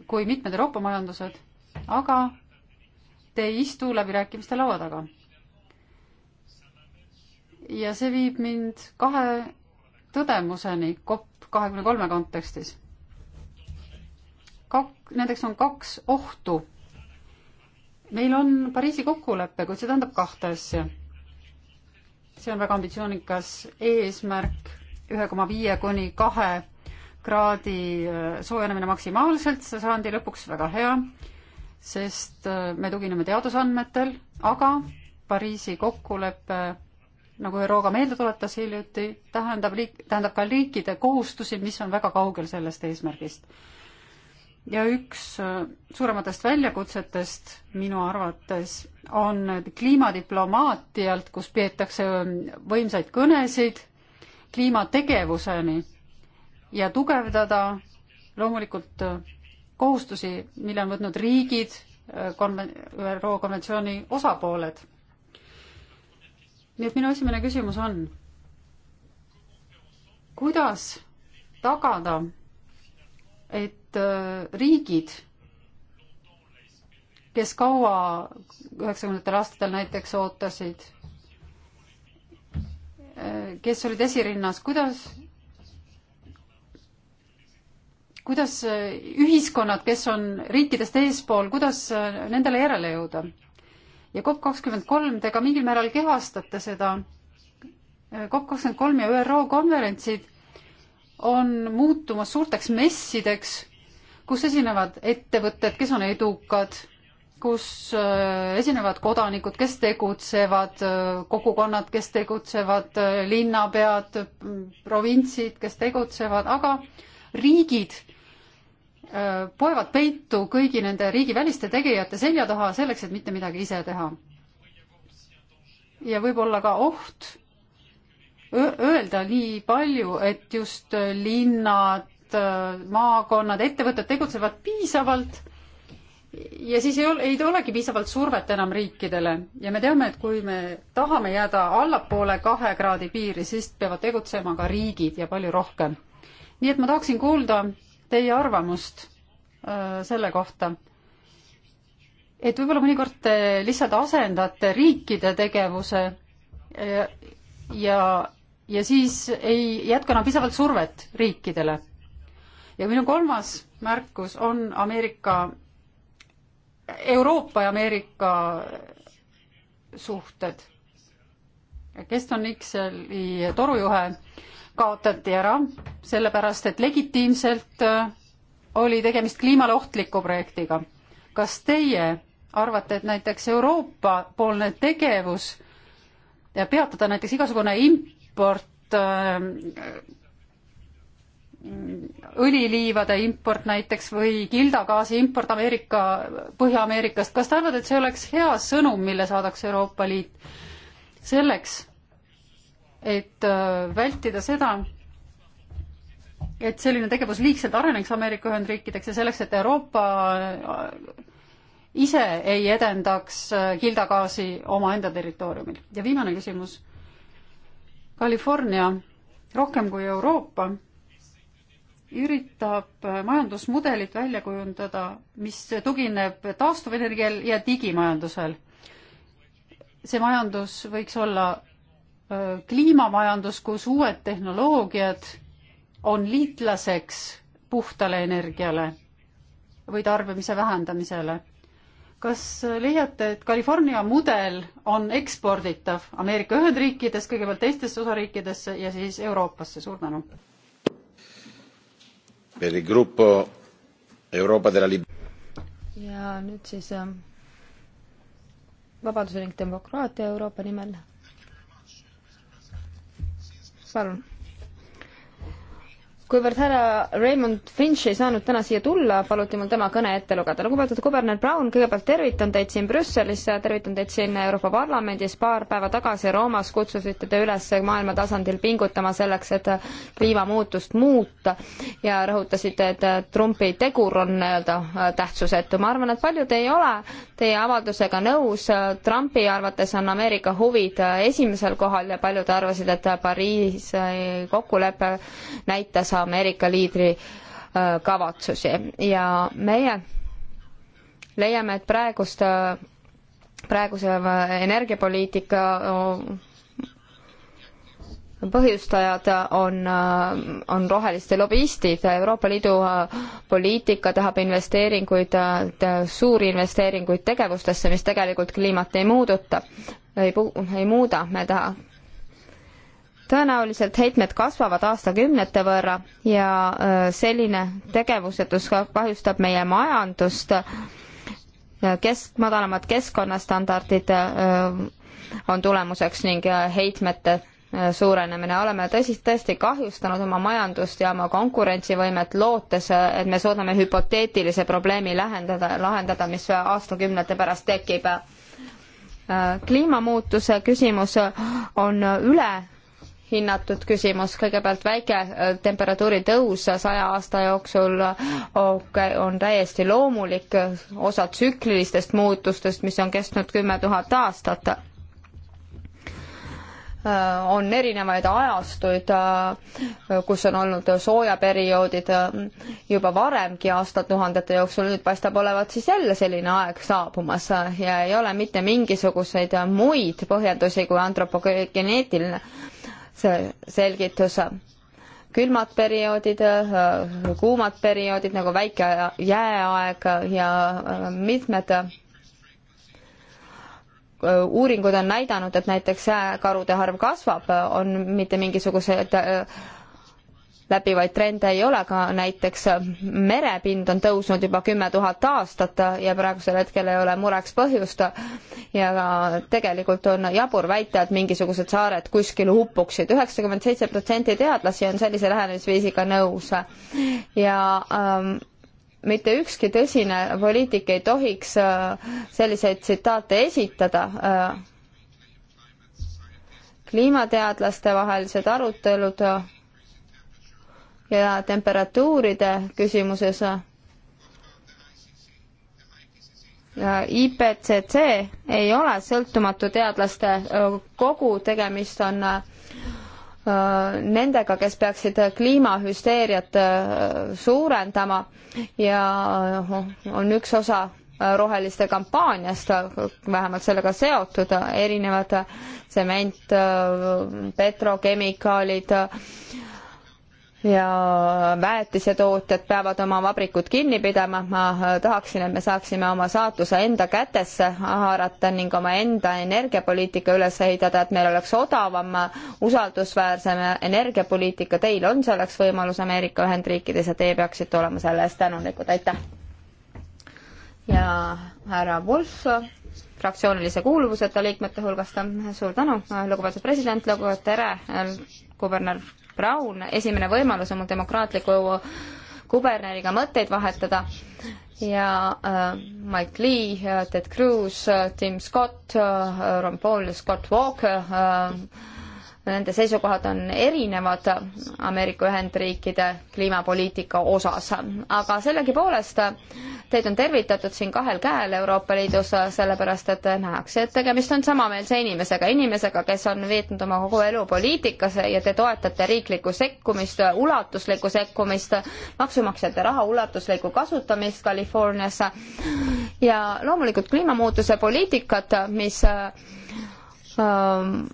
kui mitmed Euroopa majandused, aga te ei istu läbirääkimiste laua taga. ja see viib mind kahe tõdemuseni COP kahekümne kolme kontekstis. Kak-, nendeks on kaks ohtu meil on Pariisi kokkulepe, kuid see tähendab kahte asja. see on väga ambitsioonikas eesmärk, ühe koma viie kuni kahe kraadi äh, soojenemine maksimaalselt, see sajandi lõpuks väga hea, sest äh, me tugineme teadusandmetel, aga Pariisi kokkulepe nagu Euroopa meelde tuletas hiljuti, tähendab liik-, tähendab ka riikide kohustusi, mis on väga kaugel sellest eesmärgist ja üks äh, suurematest väljakutsetest minu arvates on kliimadiplomaatialt, kus peetakse ähm, võimsaid kõnesid kliimategevuseni ja tugevdada loomulikult äh, kohustusi, mille on võtnud riigid, äh, konven-, ÜRO konventsiooni osapooled. nii et minu esimene küsimus on, kuidas tagada et äh, riigid, kes kaua üheksakümnendatel aastatel näiteks ootasid, äh, kes olid esirinnas, kuidas, kuidas äh, ühiskonnad, kes on riikidest eespool, kuidas nendele järele jõuda? ja COP kakskümmend kolm, te ka mingil määral kehastate seda, COP kakskümmend kolm ja ÜRO konverentsid on muutumas suurteks messideks, kus esinevad ettevõtted, kes on edukad, kus äh, esinevad kodanikud, kes tegutsevad, äh, kogukonnad, kes tegutsevad, äh, linnapead, provintsid, kes tegutsevad, aga riigid poevad peitu kõigi nende riigiväliste tegijate selja taha selleks, et mitte midagi ise teha. ja võib olla ka oht öelda nii palju, et just äh, linnad, äh, maakonnad, ettevõtted tegutsevad piisavalt ja siis ei ole, ei olegi piisavalt survet enam riikidele ja me teame, et kui me tahame jääda allapoole kahe kraadi piiri, siis peavad tegutsema ka riigid ja palju rohkem. nii et ma tahaksin kuulda teie arvamust äh, selle kohta et võib-olla mõnikord te lihtsalt asendate riikide tegevuse äh, ja, ja ja siis ei jätku enam piisavalt survet riikidele. ja minu kolmas märkus on Ameerika, Euroopa ja Ameerika suhted. Keston Ikseli torujuhe kaotati ära, sellepärast et legitiimselt äh, oli tegemist kliimale ohtliku projektiga. kas teie arvate, et näiteks Euroopa-poolne tegevus ja peatada näiteks igasugune imp-, import äh, õliliivade import näiteks või kildagaasi import Ameerika, Põhja-Ameerikast, kas te arvate, et see oleks hea sõnum, mille saadaks Euroopa Liit selleks, et äh, vältida seda, et selline tegevus liigselt areneks Ameerika Ühendriikideks ja selleks, et Euroopa äh, ise ei edendaks kildagaasi omaenda territooriumil. ja viimane küsimus California rohkem kui Euroopa üritab majandusmudelit välja kujundada, mis tugineb taastuvenergial ja digimajandusel. see majandus võiks olla kliimamajandus, kus uued tehnoloogiad on liitlaseks puhtale energiale või tarbimise vähendamisele kas leiate, et California mudel on eksporditav Ameerika Ühendriikides, kõigepealt teistesse osariikidesse ja siis Euroopasse, suur tänu. ja nüüd siis ähm, Vabaduse ning demokraatia Euroopa nimel. palun kuivõrd härra Raymond Finch ei saanud täna siia tulla, paluti mul tema kõne ette lugeda. lugupeetud kuberner Brown, kõigepealt tervitan teid siin Brüsselis, tervitan teid siin Euroopa Parlamendis. paar päeva tagasi Roomas kutsusite te üles maailma tasandil pingutama selleks, et kliimamuutust muuta ja rõhutasite, et Trumpi tegur on nii-öelda äh, tähtsusetu. ma arvan, et paljud ei ole teie avaldusega nõus. Trumpi arvates on Ameerika huvid äh, esimesel kohal ja paljud arvasid, et Pariisi kokkulepe näitas äh, Ameerika liidri äh, kavatsusi ja meie leiame, et praegust, äh, praeguse äh, energiapoliitika põhjustajad on, on roheliste lobistid, Euroopa Liidu poliitika tahab investeeringuid, suuri investeeringuid tegevustesse, mis tegelikult kliimat ei muuduta, ei, ei muuda, me taha-, tõenäoliselt heitmed kasvavad aastakümnete võrra ja äh, selline tegevusetus kahjustab meie majandust. kesk, madalamad keskkonnastandardid äh, on tulemuseks ning äh, heitmete suurenemine, oleme tõsi, tõesti kahjustanud oma majandust ja oma konkurentsivõimet, lootes, et me suudame hüpoteetilise probleemi lahendada, lahendada, mis aastakümnete pärast tekib. kliimamuutuse küsimus on üle hinnatud küsimus, kõigepealt väike äh, temperatuuri tõus saja aasta jooksul äh, on täiesti loomulik äh, osa tsüklilistest muutustest, mis on kestnud kümme tuhat aastat. on erinevaid ajastuid, kus on olnud soojaperioodid juba varemgi aastatuhandete jooksul, nüüd paistab olevat siis jälle selline aeg saabumas ja ei ole mitte mingisuguseid muid põhjendusi kui antropogeneetiline see selgitus. külmad perioodid, kuumad perioodid nagu väike jääaeg ja äh, mitmed äh, uuringud on näidanud, et näiteks karude arv kasvab, on mitte mingisugused äh, läbivaid trende ei ole, ka näiteks äh, merepind on tõusnud juba kümme tuhat aastat ja praegusel hetkel ei ole mureks põhjust. ja tegelikult on jabur väita, et mingisugused saared kuskil huppuksid. üheksakümmend seitse protsenti teadlasi on sellise lähenemisviisiga nõus ja ähm, mitte ükski tõsine poliitik ei tohiks äh, selliseid tsitaate esitada äh, kliimateadlaste vahelised arutelud ja temperatuuride küsimuses IPCC ei ole sõltumatu teadlaste kogu, tegemist on nendega, kes peaksid kliimahüsteeriat suurendama ja on üks osa roheliste kampaaniast, vähemalt sellega seotud, erinevad tsement, äh, petrokemikaalid, ja väetisetootjad peavad oma vabrikud kinni pidama, ma tahaksin, et me saaksime oma saatuse enda kätesse haarata ning omaenda energiapoliitika üles ehitada, et meil oleks odavam, usaldusväärsem energiapoliitika, teil on selleks võimalus Ameerika Ühendriikides ja teie peaksite olema selle eest tänulikud, aitäh! ja härra Wolf fraktsioonilise kuuluvuseta liikmete hulgast, suur tänu, lugupeetud president, lugupeetud tere, kuberner Raun, esimene võimalus on mul demokraatliku kuberneriga mõtteid vahetada ja äh, Mike Lee äh,, Ted Cruz äh,, Tim Scott äh,, Ron Paul ja Scott Walker äh, nende seisukohad on erinevad Ameerika Ühendriikide kliimapoliitika osas, aga sellegipoolest teid on tervitatud siin kahel käel Euroopa Liidus, sellepärast et nähakse, et tegemist on samameelse inimesega, inimesega, kes on veetnud oma kogu elu poliitikas ja te toetate riiklikku sekkumist, ulatuslikku sekkumist, maksumaksjate raha ulatuslikku kasutamist Californias ja loomulikult kliimamuutuse poliitikat, mis ähm,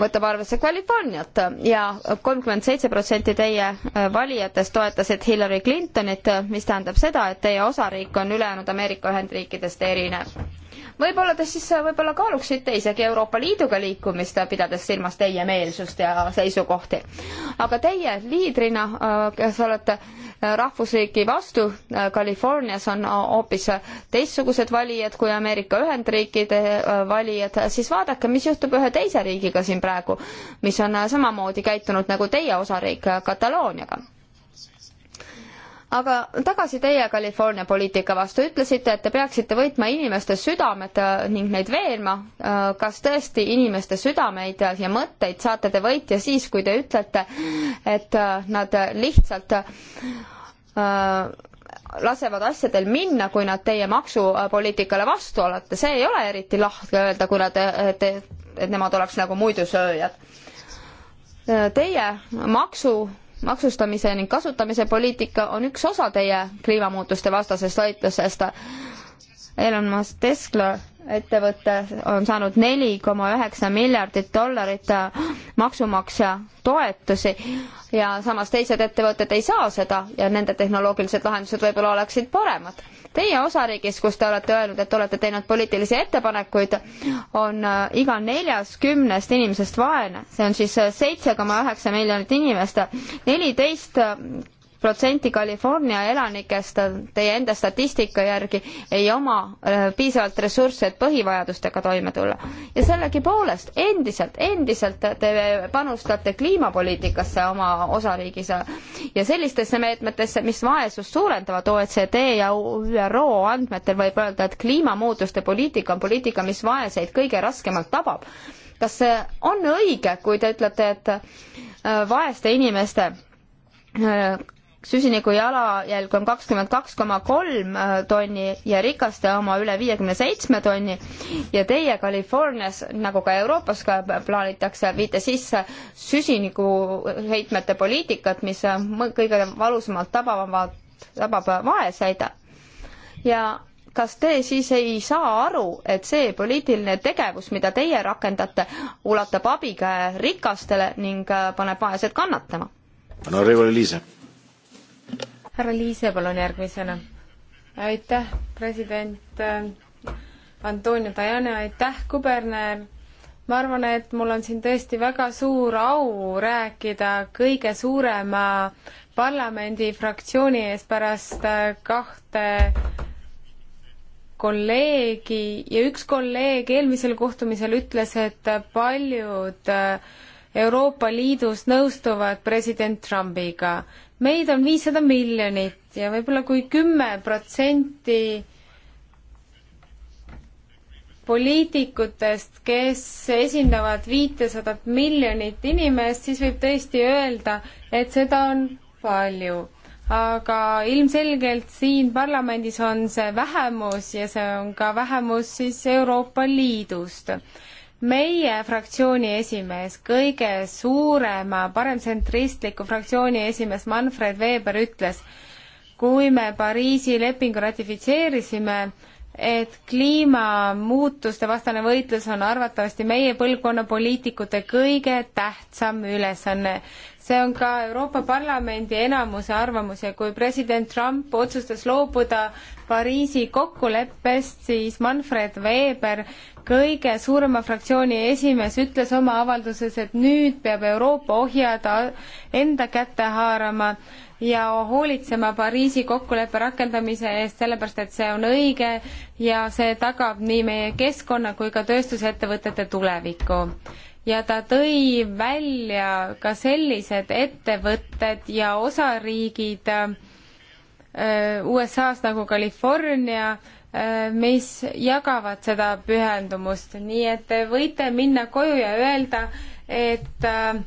võtab arvesse Californiat ja kolmkümmend seitse protsenti teie äh, valijatest toetasid Hillary Clintonit, mis tähendab seda, et teie osariik on ülejäänud Ameerika Ühendriikidest erinev võib-olla te siis äh, võib-olla kaaluksite isegi Euroopa Liiduga liikumist, äh, pidades silmas teie meelsust ja seisukohti. aga teie liidrina, äh, kes olete rahvusriiki vastu, Californias on hoopis teistsugused valijad kui Ameerika Ühendriikide valijad, siis vaadake, mis juhtub ühe teise riigiga siin praegu, mis on samamoodi käitunud nagu teie osariik Katalooniaga aga tagasi teie California poliitika vastu, ütlesite, et te peaksite võitma inimeste südamed äh, ning neid veenma. Äh, kas tõesti inimeste südameid ja mõtteid saate te võitja siis, kui te ütlete, et äh, nad lihtsalt lasevad asjadel minna, kui nad teie maksupoliitikale vastu olete, see ei ole eriti lahke öelda, kui nad, et, et nemad oleks nagu muidusööjad. Teie maksu maksustamise ning kasutamise poliitika on üks osa teie kliimamuutuste vastasest võitlusest. Elon Musk Tesla ettevõte on saanud neli koma üheksa miljardit dollarit maksumaksja toetusi, ja samas teised ettevõtted ei saa seda ja nende tehnoloogilised lahendused võib-olla oleksid paremad. Teie osariigis, kus te olete öelnud, et olete teinud poliitilisi ettepanekuid, on äh, iga neljas kümnest inimesest vaene, see on siis äh, seitse koma üheksa miljonit inimest, neliteist äh, protsenti California elanikest teie enda statistika järgi ei oma äh, piisavalt ressursse, et põhivajadustega toime tulla. ja sellegipoolest endiselt, endiselt te panustate kliimapoliitikasse oma osariigis ja sellistesse meetmetesse, mis vaesust suurendavad, OECD ja ÜRO andmetel võib öelda, et kliimamuutuste poliitika on poliitika, mis vaeseid kõige raskemalt tabab. kas see on õige, kui te ütlete, et äh, vaeste inimeste äh, süsiniku jalajälg on kakskümmend kaks koma kolm äh, tonni ja rikaste oma üle viiekümne seitsme tonni ja teie Californias, nagu ka Euroopas ka plaanitakse, viite sisse süsinikuheitmete poliitikat, mis äh, kõige valusamalt tabavad, tabab äh, vaeseid. ja kas te siis ei saa aru, et see poliitiline tegevus, mida teie rakendate, ulatab abikäe rikastele ning paneb vaesed kannatama? Honorable Liise härra Liise, palun järgmisena. aitäh, president äh, Antonio Tajani, aitäh, kuberner ma arvan, et mul on siin tõesti väga suur au rääkida kõige suurema parlamendifraktsiooni ees pärast äh, kahte kolleegi ja üks kolleeg eelmisel kohtumisel ütles, et paljud äh, Euroopa Liidus nõustuvad president Trumpiga meid on viissada miljonit ja võib-olla kui kümme protsenti poliitikutest, kes esindavad viitesadat miljonit inimest, siis võib tõesti öelda, et seda on palju. aga ilmselgelt siin parlamendis on see vähemus ja see on ka vähemus siis Euroopa Liidust meie fraktsiooni esimees, kõige suurema paremtsentristliku fraktsiooni esimees Manfred Weber ütles, kui me Pariisi lepingu ratifitseerisime, et kliimamuutuste vastane võitlus on arvatavasti meie põlvkonna poliitikute kõige tähtsam ülesanne see on ka Euroopa Parlamendi enamuse arvamus ja kui president Trump otsustas loobuda Pariisi kokkuleppest, siis Manfred Weber, kõige suurema fraktsiooni esimees, ütles oma avalduses, et nüüd peab Euroopa ohjad enda kätte haarama ja hoolitsema Pariisi kokkuleppe rakendamise eest, sellepärast et see on õige ja see tagab nii meie keskkonna kui ka tööstusettevõtete tuleviku ja ta tõi välja ka sellised ettevõtted ja osariigid äh, USA-s nagu California, äh, mis jagavad seda pühendumust, nii et te võite minna koju ja öelda, et äh,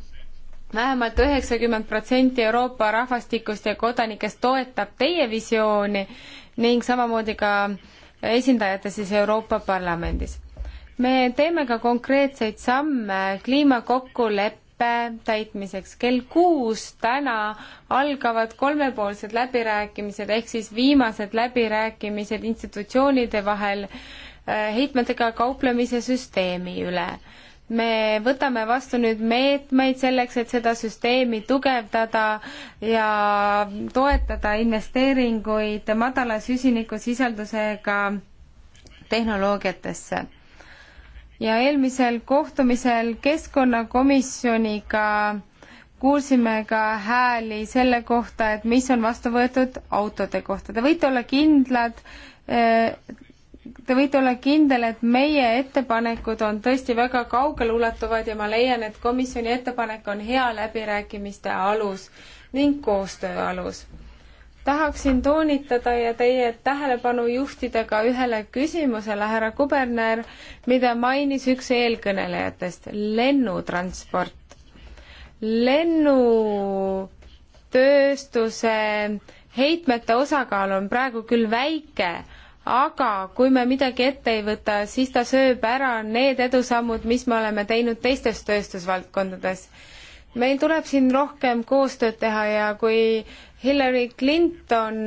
vähemalt üheksakümmend protsenti Euroopa rahvastikust ja kodanikest toetab teie visiooni ning samamoodi ka esindajate siis Euroopa Parlamendis me teeme ka konkreetseid samme kliimakokkuleppe täitmiseks. kell kuus täna algavad kolmepoolsed läbirääkimised ehk siis viimased läbirääkimised institutsioonide vahel äh, heitmetega kauplemise süsteemi üle me võtame vastu nüüd meetmeid selleks, et seda süsteemi tugevdada ja toetada investeeringuid madala süsinikusisaldusega tehnoloogiatesse ja eelmisel kohtumisel keskkonnakomisjoniga kuulsime ka hääli selle kohta, et mis on vastu võetud autode kohta. Te võite olla kindlad, eh, te võite olla kindel, et meie ettepanekud on tõesti väga kaugeleulatuvad ja ma leian, et komisjoni ettepanek on hea läbirääkimiste alus ning koostöö alus tahaksin toonitada ja teie tähelepanu juhtida ka ühele küsimusele, härra kuberner, mida mainis üks eelkõnelejatest, lennutransport. lennutööstuse heitmete osakaal on praegu küll väike, aga kui me midagi ette ei võta, siis ta sööb ära need edusammud, mis me oleme teinud teistes tööstusvaldkondades. meil tuleb siin rohkem koostööd teha ja kui Hillary Clinton,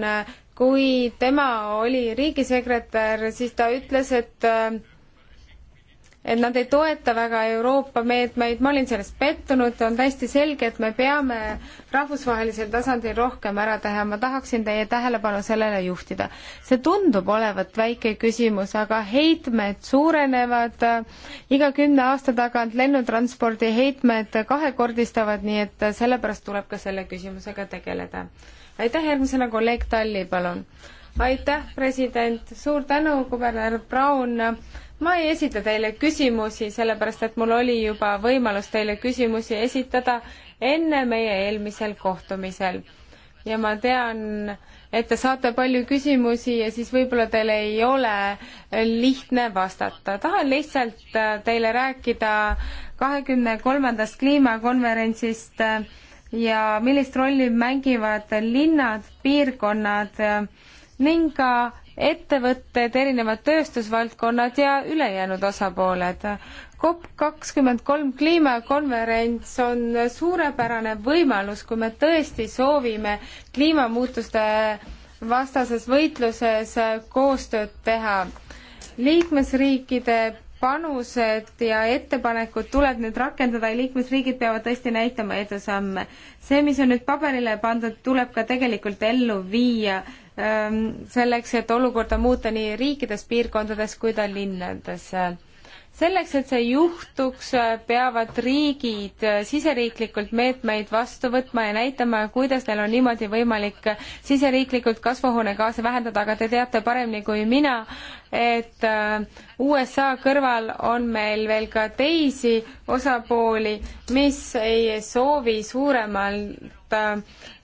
kui tema oli riigisekretär, siis ta ütles, et äh, et nad ei toeta väga Euroopa meetmeid, ma olin selles pettunud, on täiesti selge, et me peame rahvusvahelisel tasandil rohkem ära teha, ma tahaksin teie tähelepanu sellele juhtida. see tundub olevat väike küsimus, aga heitmed suurenevad, iga kümne aasta tagant lennutranspordi heitmed kahekordistavad, nii et sellepärast tuleb ka selle küsimusega tegeleda. aitäh, järgmisena kolleeg Talli, palun. aitäh, president, suur tänu, kuberner Brown ma ei esita teile küsimusi, sellepärast et mul oli juba võimalus teile küsimusi esitada enne meie eelmisel kohtumisel. ja ma tean, et te saate palju küsimusi ja siis võib-olla teil ei ole lihtne vastata. tahan lihtsalt äh, teile rääkida kahekümne kolmandast kliimakonverentsist äh, ja millist rolli mängivad linnad, piirkonnad äh, ning ka ettevõtted, erinevad tööstusvaldkonnad ja ülejäänud osapooled. COP kakskümmend kolm kliimakonverents on suurepärane võimalus, kui me tõesti soovime kliimamuutuste vastases võitluses koostööd teha. liikmesriikide panused ja ettepanekud tuleb nüüd rakendada ja liikmesriigid peavad tõesti näitama edusamme. see, mis on nüüd paberile pandud, tuleb ka tegelikult ellu viia Ehm, selleks, et olukorda muuta nii riikides, piirkondades kui ka linnades. selleks, et see juhtuks, peavad riigid siseriiklikult meetmeid vastu võtma ja näitama, kuidas neil on niimoodi võimalik siseriiklikult kasvuhoonegaase vähendada, aga te teate paremini kui mina, et äh, USA kõrval on meil veel ka teisi osapooli, mis ei soovi suuremalt äh,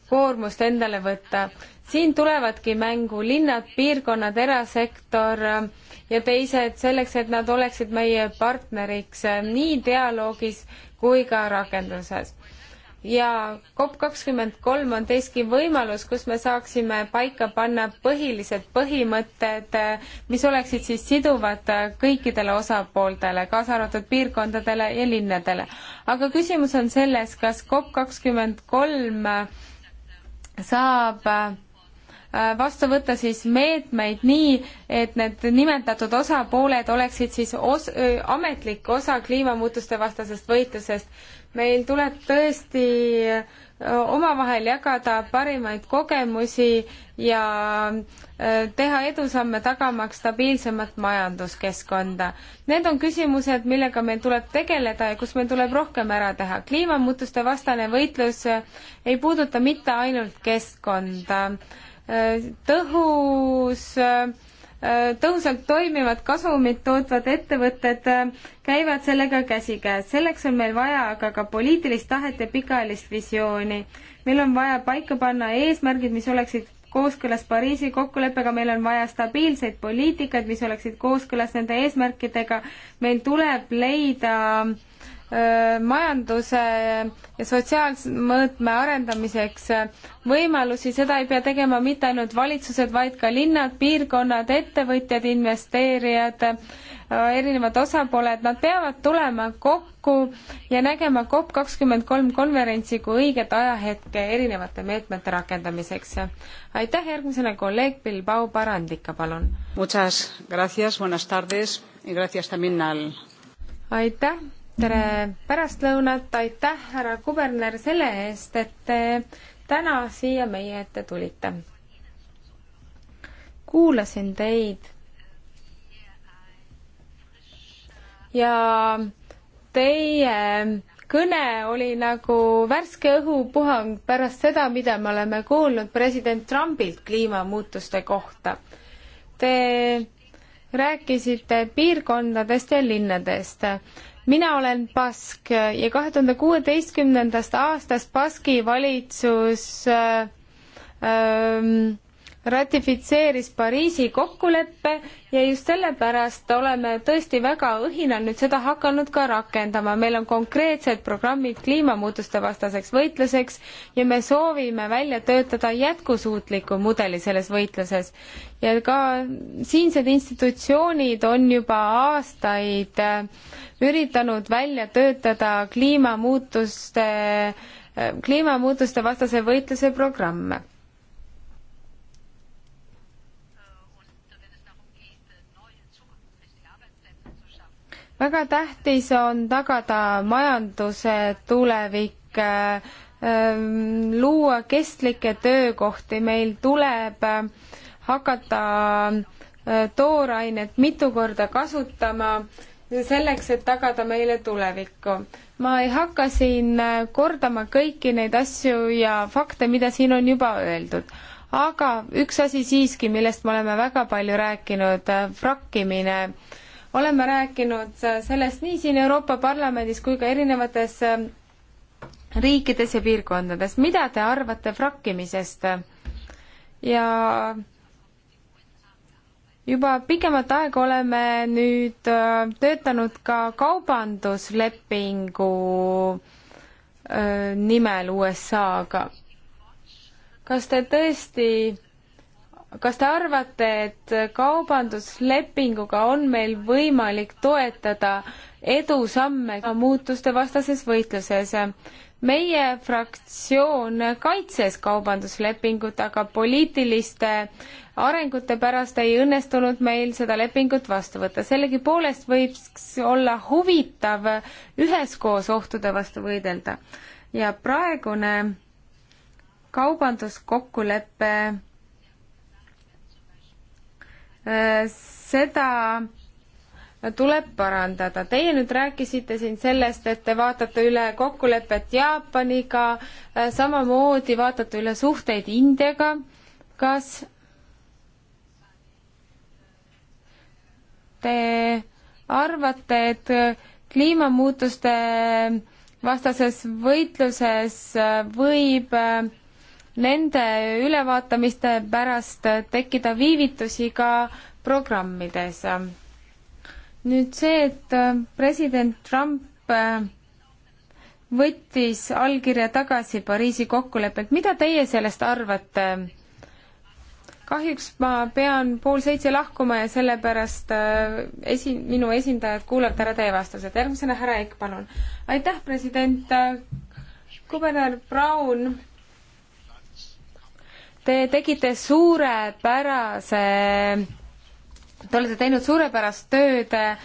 koormust endale võtta siin tulevadki mängu linnad, piirkonnad, erasektor ja teised selleks, et nad oleksid meie partneriks nii dialoogis kui ka rakenduses. ja COP kakskümmend kolm on teiski võimalus, kus me saaksime paika panna põhilised põhimõtted, mis oleksid siis siduvad kõikidele osapooltele, kaasa arvatud piirkondadele ja linnadele. aga küsimus on selles, kas COP kakskümmend kolm saab Äh, vastu võtta siis meetmeid nii, et need nimetatud osapooled oleksid siis os-, ametlik osa kliimamuutuste vastasest võitlusest. meil tuleb tõesti omavahel jagada parimaid kogemusi ja teha edusamme tagamaks stabiilsemat majanduskeskkonda. Need on küsimused, millega meil tuleb tegeleda ja kus meil tuleb rohkem ära teha. kliimamuutuste vastane võitlus ei puuduta mitte ainult keskkonda Äh, tõhus, äh, tõhusalt toimivad kasumit tootvad ettevõtted äh, käivad sellega käsikäes. selleks on meil vaja aga ka poliitilist tahet ja pikaajalist visiooni. meil on vaja paika panna eesmärgid, mis oleksid kooskõlas Pariisi kokkuleppega, meil on vaja stabiilseid poliitikaid, mis oleksid kooskõlas nende eesmärkidega. meil tuleb leida äh, majanduse ja sotsiaalmõõtme arendamiseks võimalusi, seda ei pea tegema mitte ainult valitsused, vaid ka linnad, piirkonnad, ettevõtjad, investeerijad, erinevad osapooled, nad peavad tulema kokku ja nägema COP kakskümmend kolm konverentsi kui õiget ajahetke erinevate meetmete rakendamiseks. aitäh, järgmisena kolleeg Bilbao Barandika, palun. aitäh tere pärastlõunat, aitäh, härra kuberner, selle eest, et te täna siia meie ette tulite. kuulasin teid ja teie kõne oli nagu värske õhupuhang pärast seda, mida me oleme kuulnud president Trumpilt kliimamuutuste kohta. Te rääkisite piirkondadest ja linnadest mina olen Bask ja kahe tuhande kuueteistkümnendast aastast Baski valitsus äh, ähm, ratifitseeris Pariisi kokkuleppe ja just sellepärast oleme tõesti väga õhinal nüüd seda hakanud ka rakendama. meil on konkreetsed programmid kliimamuutuste vastaseks võitluseks ja me soovime välja töötada jätkusuutliku mudeli selles võitluses. ja ka siinsed institutsioonid on juba aastaid äh, üritanud välja töötada kliimamuutuste äh, kliimamuutuste vastase võitluse programme väga tähtis on tagada majanduse tulevik äh,, luua kestlikke töökohti, meil tuleb äh, hakata äh, toorainet mitu korda kasutama selleks, et tagada meile tulevikku. ma ei hakka siin äh, kordama kõiki neid asju ja fakte, mida siin on juba öeldud. aga üks asi siiski, millest me oleme väga palju rääkinud, frakkimine äh, oleme rääkinud äh, sellest nii siin Euroopa Parlamendis kui ka erinevates äh, riikides ja piirkondades. mida te arvate frakkimisest? ja juba pikemat aega oleme nüüd äh, töötanud ka kaubanduslepingu nimel USA-ga. kas te tõesti kas te arvate, et kaubanduslepinguga on meil võimalik toetada edusamme muutuste vastases võitluses? meie fraktsioon kaitses kaubanduslepingut, aga poliitiliste arengute pärast ei õnnestunud meil seda lepingut vastu võtta. sellegipoolest võiks olla huvitav üheskoos ohtude vastu võidelda. ja praegune kaubanduskokkulepe Äh, seda tuleb parandada. Teie nüüd rääkisite siin sellest, et te vaatate üle kokkulepet Jaapaniga, äh, samamoodi vaatate üle suhteid Indiaga. kas te arvate, et kliimamuutuste vastases võitluses võib äh, nende ülevaatamiste pärast tekkida viivitusi ka programmides. nüüd see, et äh, president Trump äh, võttis allkirja tagasi Pariisi kokkuleppelt, mida teie sellest arvate? kahjuks ma pean pool seitse lahkuma ja sellepärast äh, esi-, minu esindajad kuulavad ära teie vastused. järgmisena härra Eik, palun. aitäh, president. kuberner Brown Te tegite suurepärase Te olete teinud suurepärast tööd eh,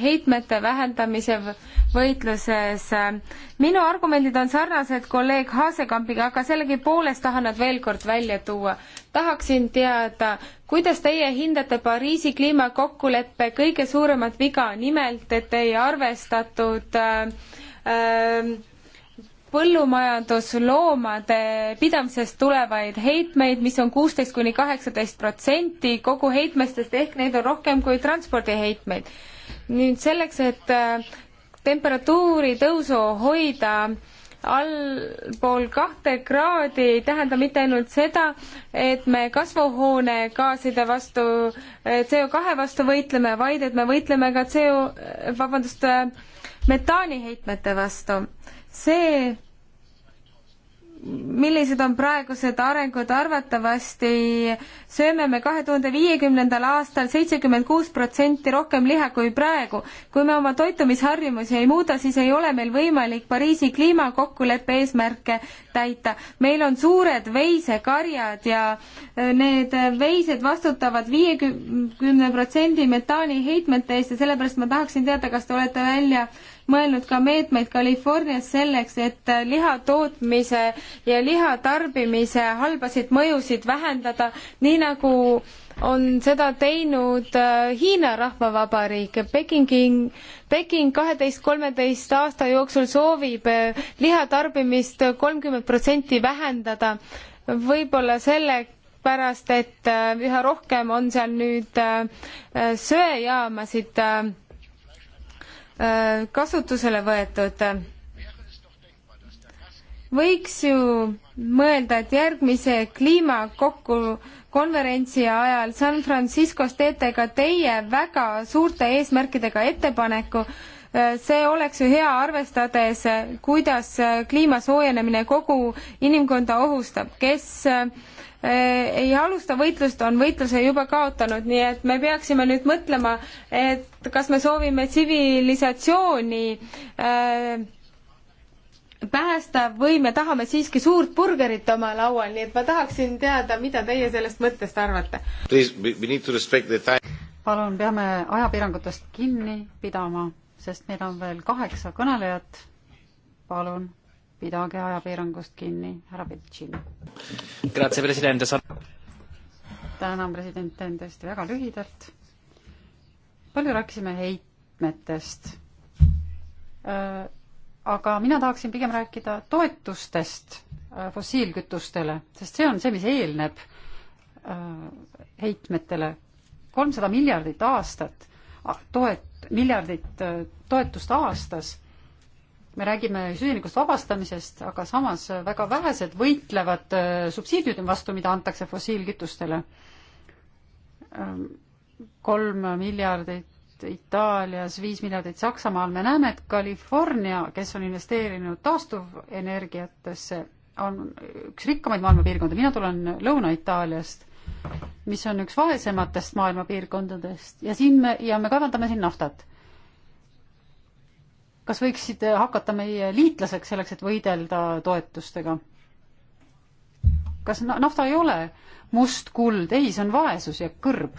heitmete vähendamise võitluses. minu argumendid on sarnased kolleeg Haasekampiga, aga sellegipoolest tahan nad veel kord välja tuua. tahaksin teada, kuidas teie hindate Pariisi kliimakokkuleppe kõige suuremat viga, nimelt et ei arvestatud äh, äh, põllumajandusloomade pidamisest tulevaid heitmeid, mis on kuusteist kuni kaheksateist protsenti kogu heitmestest, ehk neid on rohkem kui transpordiheitmeid. nüüd selleks, et äh, temperatuuri tõusu hoida allpool kahte kraadi, ei tähenda mitte ainult seda, et me kasvuhoonegaaside vastu, äh, CO kahe vastu võitleme, vaid et me võitleme ka CO, vabandust, äh, metaaniheitmete vastu see, millised on praegused arengud, arvatavasti sööme me kahe tuhande viiekümnendal aastal seitsekümmend kuus protsenti rohkem liha kui praegu. kui me oma toitumisharjumusi ei muuda, siis ei ole meil võimalik Pariisi kliimakokkuleppe eesmärke täita. meil on suured veisekarjad ja äh, need veised vastutavad viiekümne protsendi metaani heitmete eest ja sellepärast ma tahaksin teada, kas te olete välja mõelnud ka meetmeid Californias selleks, et liha tootmise ja liha tarbimise halbasid mõjusid vähendada, nii nagu on seda teinud äh, Hiina Rahvavabariik. Pekingi, Peking kaheteist, kolmeteist aasta jooksul soovib äh, liha tarbimist kolmkümmend protsenti vähendada, võib-olla selle pärast, et äh, üha rohkem on seal nüüd söejaamasid Äh, kasutusele võetud. võiks ju mõelda, et järgmise kliimakokku konverentsi ajal San Franciscos teete ka teie väga suurte eesmärkidega ettepaneku, see oleks ju hea, arvestades, kuidas kliima soojenemine kogu inimkonda ohustab, kes eh, ei alusta võitlust, on võitluse juba kaotanud, nii et me peaksime nüüd mõtlema, et kas me soovime tsivilisatsiooni äh, päästa või me tahame siiski suurt burgerit oma laual, nii et ma tahaksin teada, mida teie sellest mõttest arvate. palun, peame ajapiirangutest kinni pidama sest meil on veel kaheksa kõnelejat. palun pidage ajapiirangust kinni, härra Pitšin. tänan, president, teen tõesti väga lühidalt. palju rääkisime heitmetest. Äh, aga mina tahaksin pigem rääkida toetustest äh, fossiilkütustele, sest see on see, mis eelneb äh, heitmetele. kolmsada miljardit aastat toet-, miljardit äh, toetust aastas, me räägime süsinikust vabastamisest, aga samas äh, väga vähesed võitlevad äh, subsiidiumi vastu, mida antakse fossiilkütustele. Ähm, kolm miljardit Itaalias, viis miljardit Saksamaal, me näeme, et California, kes on investeerinud taastuvenergiatesse, on üks rikkamaid maailma piirkondi, mina tulen Lõuna-Itaaliast mis on üks vaesematest maailma piirkondadest ja siin me, ja me kaevandame siin naftat. kas võiksid hakata meie liitlaseks selleks, et võidelda toetustega? kas nafta ei ole must kuld, ei, see on vaesus ja kõrb.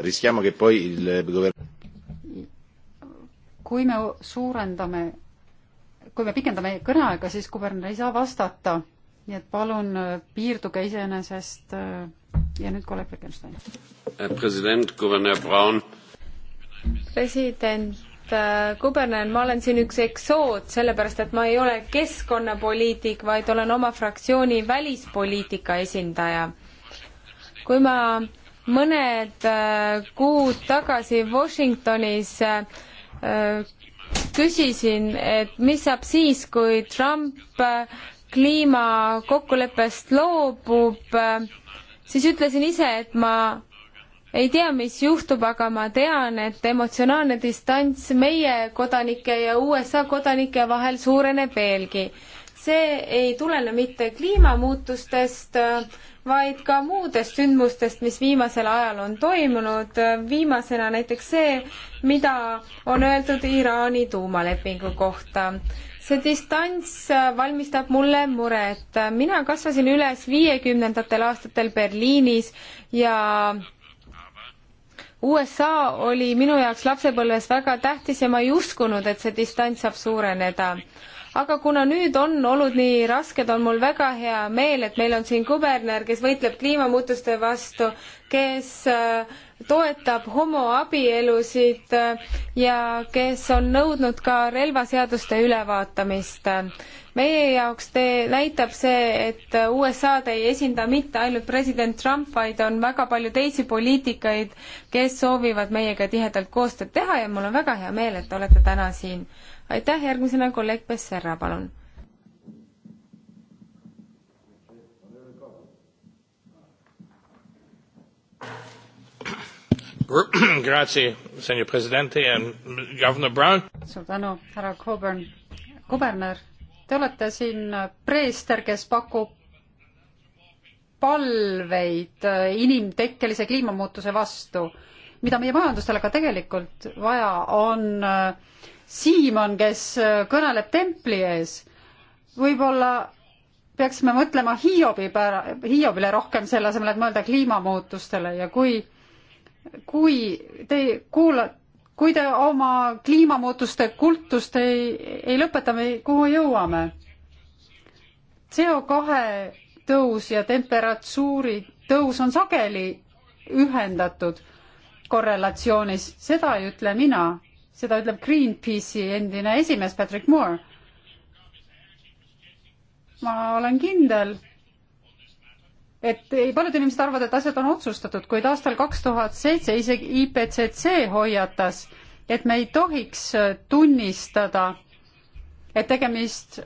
kui me suurendame, kui me pikendame kõneaega, siis kuberner ei saa vastata, nii et palun äh, piirduge iseenesest äh, ja nüüd kolleeg Wittgenstein. president, kuberner äh, Braun. president kuberner, ma olen siin üks eksoot, sellepärast et ma ei ole keskkonnapoliitik, vaid olen oma fraktsiooni välispoliitika esindaja. kui ma mõned äh, kuud tagasi Washingtonis äh, küsisin, et mis saab siis, kui Trump kliimakokkuleppest loobub siis ütlesin ise, et ma ei tea, mis juhtub, aga ma tean, et emotsionaalne distants meie kodanike ja USA kodanike vahel suureneb veelgi. see ei tulene mitte kliimamuutustest, vaid ka muudest sündmustest, mis viimasel ajal on toimunud, viimasena näiteks see, mida on öeldud Iraani tuumalepingu kohta see distants äh, valmistab mulle muret. mina kasvasin üles viiekümnendatel aastatel Berliinis ja USA oli minu jaoks lapsepõlves väga tähtis ja ma ei uskunud, et see distants saab suureneda aga kuna nüüd on olud nii rasked, on mul väga hea meel, et meil on siin kuberner, kes võitleb kliimamuutuste vastu, kes äh, toetab homoabielusid äh, ja kes on nõudnud ka relvaseaduste ülevaatamist. meie jaoks te-, näitab see, et USA-d ei esinda mitte ainult president Trump, vaid on väga palju teisi poliitikaid, kes soovivad meiega tihedalt koostööd teha ja mul on väga hea meel, et te olete täna siin aitäh, järgmisena kolleeg Besserra, palun. Grazie, senor presidente ja eh, governor Brown. suur tänu, härra Coburn. kuberner, te olete siin preester, kes pakub palveid eh, inimtekkelise kliimamuutuse vastu, mida meie majandustele ka tegelikult vaja on äh, Siimon, kes äh, kõneleb templi ees. võib-olla peaksime mõtlema Hiobi pära-, Hiobile rohkem, selle asemel, et mõelda kliimamuutustele ja kui, kui te kuula-, kui te oma kliimamuutuste kultust ei, ei lõpeta, me kuhu jõuame? CO kahe tõus ja temperatuuri tõus on sageli ühendatud korrelatsioonis, seda ei ütle mina seda ütleb Greenpeace'i endine esimees Patrick Moore. ma olen kindel, et paljud inimesed arvavad, et asjad on otsustatud, kuid aastal kaks tuhat seitse isegi IPCC hoiatas, et me ei tohiks tunnistada, et tegemist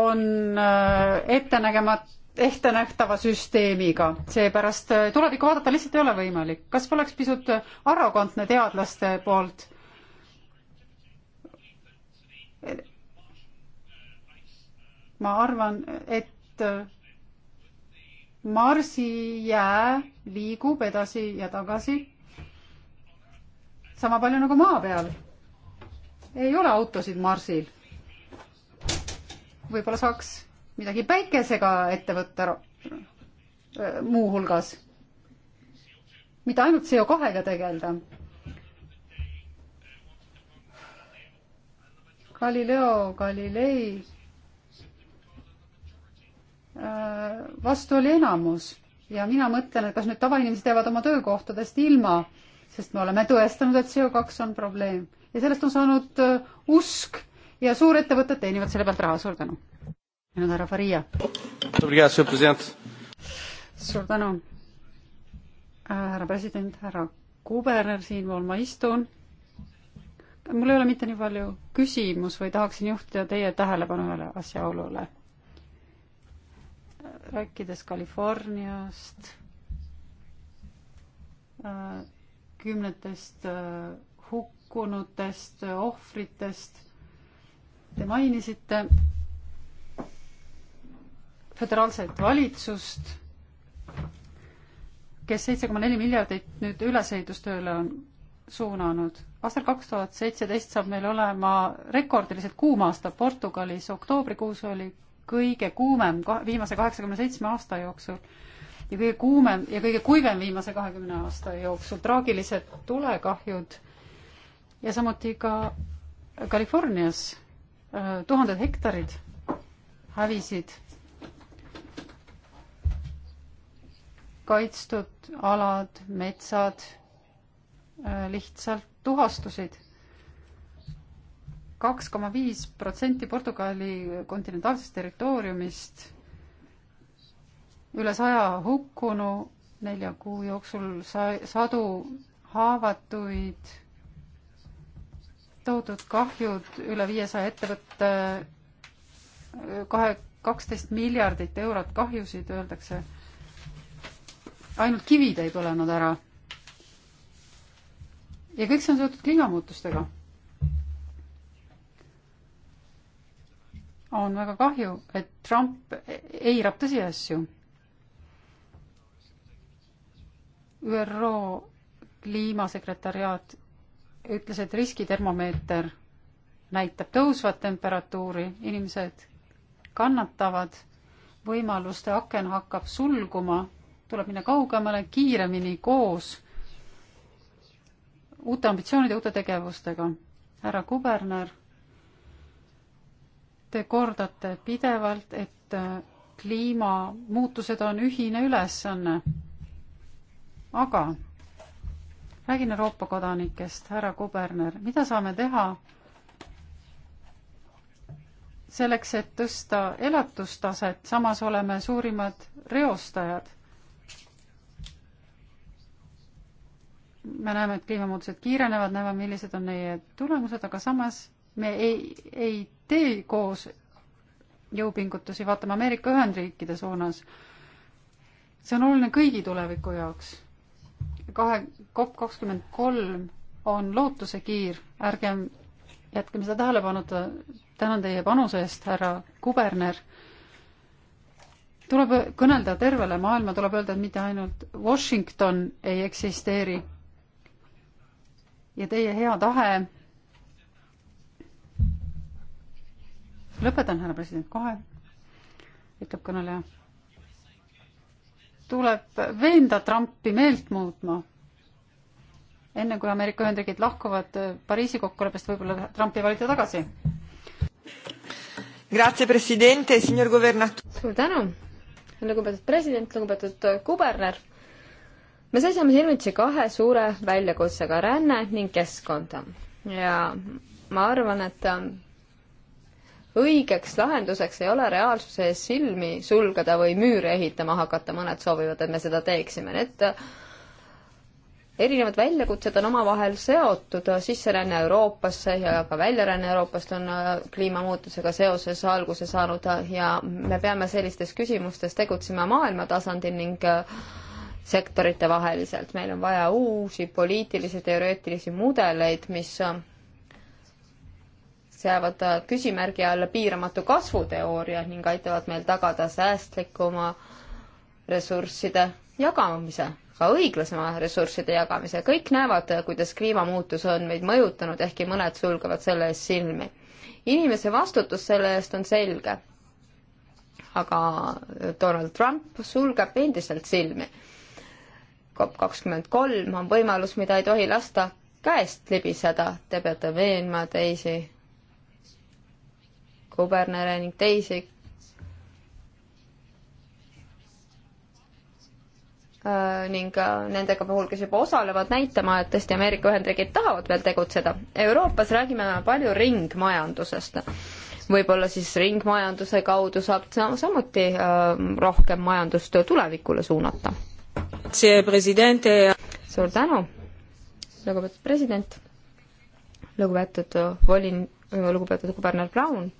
on äh, ettenägemat-, ehtenähtava süsteemiga, seepärast äh, tulevikku vaadata lihtsalt ei ole võimalik. kas poleks pisut arrogantne teadlaste poolt ma arvan, et Marsi jää liigub edasi ja tagasi sama palju nagu maa peal. ei ole autosid Marsil. võib-olla saaks midagi päikesega ette võtta äh, muuhulgas. mitte ainult CO2-ga tegeleda Galileo Galilei äh, vastu oli enamus ja mina mõtlen, et kas nüüd tavainimesed jäävad oma töökohtadest ilma, sest me oleme tõestanud, et CO2 on probleem ja sellest on saanud äh, usk ja suurettevõtted teenivad selle pealt raha, suur tänu. ja nüüd härra Faria. suur tänu. Äh, härra president, härra kuberner, siinpool ma istun mul ei ole mitte nii palju küsimus või tahaksin juhtida teie tähelepanu ühele asjaolule. rääkides Californiast, äh, kümnetest äh, hukkunutest, ohvritest, te mainisite föderaalset valitsust, kes seitse koma neli miljardit nüüd ülesehitustööle on suunanud aastal kaks tuhat seitseteist saab meil olema rekordiliselt kuum aasta Portugalis, oktoobrikuus oli kõige kuumem ka viimase kaheksakümne seitsme aasta jooksul ja kõige kuumem ja kõige kuivem viimase kahekümne aasta jooksul, traagilised tulekahjud ja samuti ka Californias äh, tuhanded hektarid hävisid kaitstud alad, metsad äh, lihtsalt tuhastusid. kaks koma viis protsenti Portugali kontinentaalsest territooriumist, üle saja hukkunu nelja kuu jooksul sai sadu haavatuid, tohutud kahjud, üle viiesaja ettevõtte, kahe, kaksteist miljardit eurot kahjusid, öeldakse. ainult kivid ei põlenud ära ja kõik see on seotud kliimamuutustega. on väga kahju, et Trump eirab tõsiasju. ÜRO kliimasekretäriaat ütles, et riskitermomeeter näitab tõusvat temperatuuri, inimesed kannatavad, võimaluste aken hakkab sulguma, tuleb minna kaugemale, kiiremini koos uute ambitsioonide, uute tegevustega. härra kuberner, te kordate pidevalt, et äh, kliimamuutused on ühine ülesanne. aga räägin Euroopa kodanikest, härra kuberner, mida saame teha selleks, et tõsta elatustaset, samas oleme suurimad reostajad me näeme, et kliimamuutused kiirenevad, näeme, millised on meie tulemused, aga samas me ei, ei tee koos jõupingutusi, vaatame Ameerika Ühendriikide suunas. see on oluline kõigi tuleviku jaoks. kahe, COP kakskümmend kolm on lootuse kiir, ärgem jätkem seda tähelepanuta. tänan teie panuse eest, härra kuberner. tuleb kõnelda tervele maailma, tuleb öelda, et mitte ainult Washington ei eksisteeri ja teie hea tahe. lõpetan, härra president, kohe, ütleb kõneleja. tuleb veenda Trumpi meelt muutma. enne kui Ameerika Ühendriigid lahkuvad Pariisi kokkuleppest, võib-olla Trump ei valita tagasi. Grazie, presidente, signor governatore. suur tänu, lugupeetud president, lugupeetud kuberner me seisame silmitsi kahe suure väljakutsega, ränne ning keskkond. ja ma arvan, et ähm, õigeks lahenduseks ei ole reaalsuse ees silmi sulgeda või müüre ehitama hakata, mõned soovivad, et me seda teeksime, need äh, erinevad väljakutsed on omavahel seotud, äh, sisseränne Euroopasse ja ka väljaränne Euroopast on äh, kliimamuutusega seoses alguse saanud ja me peame sellistes küsimustes tegutsema maailma tasandil ning sektorite vaheliselt, meil on vaja uusi poliitilisi teoreetilisi mudeleid, mis äh, seavad äh, küsimärgi alla piiramatu kasvuteooria ning aitavad meil tagada säästlikuma ressursside jagamise, ka õiglasema ressursside jagamise. kõik näevad, äh, kuidas kliimamuutus on meid mõjutanud, ehkki mõned sulgevad selle eest silmi. inimese vastutus selle eest on selge. aga Donald Trump sulgeb endiselt silmi COP kakskümmend kolm on võimalus, mida ei tohi lasta käest libiseda, te peate veenma teisi kubernere ning teisi äh, ning äh, nendega puhul, kes juba osalevad, näitama, et tõesti Ameerika Ühendriigid tahavad veel tegutseda. Euroopas räägime palju ringmajandusest. võib-olla siis ringmajanduse kaudu saab samuti äh, rohkem majandust tulevikule suunata suur tänu, lugupeetud president, lugupeetud volin-, lugupeetud kuberner Brown.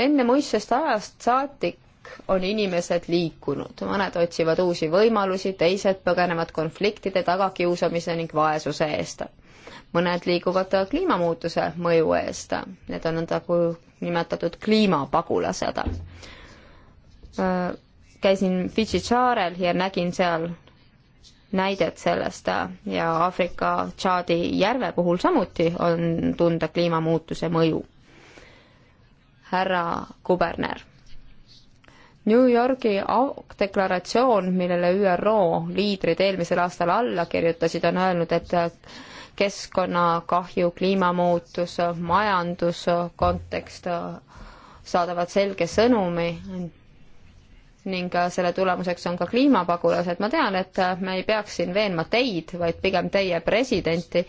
ennemuistsest ajast saatik on inimesed liikunud, mõned otsivad uusi võimalusi, teised põgenevad konfliktide, tagakiusamise ning vaesuse eest. mõned liiguvad kliimamuutuse mõju eest, need on nõnda nimetatud kliimapagulased käisin Fidži saarel ja nägin seal näidet sellest äh, ja Aafrika Tšaadi järve puhul samuti on tunda kliimamuutuse mõju. härra kuberner. New Yorgi deklaratsioon, millele ÜRO liidrid eelmisel aastal alla kirjutasid, on öelnud, et äh, keskkonnakahju, kliimamuutus, majanduskontekst äh, saadavad selge sõnumi ning äh, selle tulemuseks on ka kliimapagulased. ma tean, et äh, me ei peaks siin veenma teid, vaid pigem teie presidenti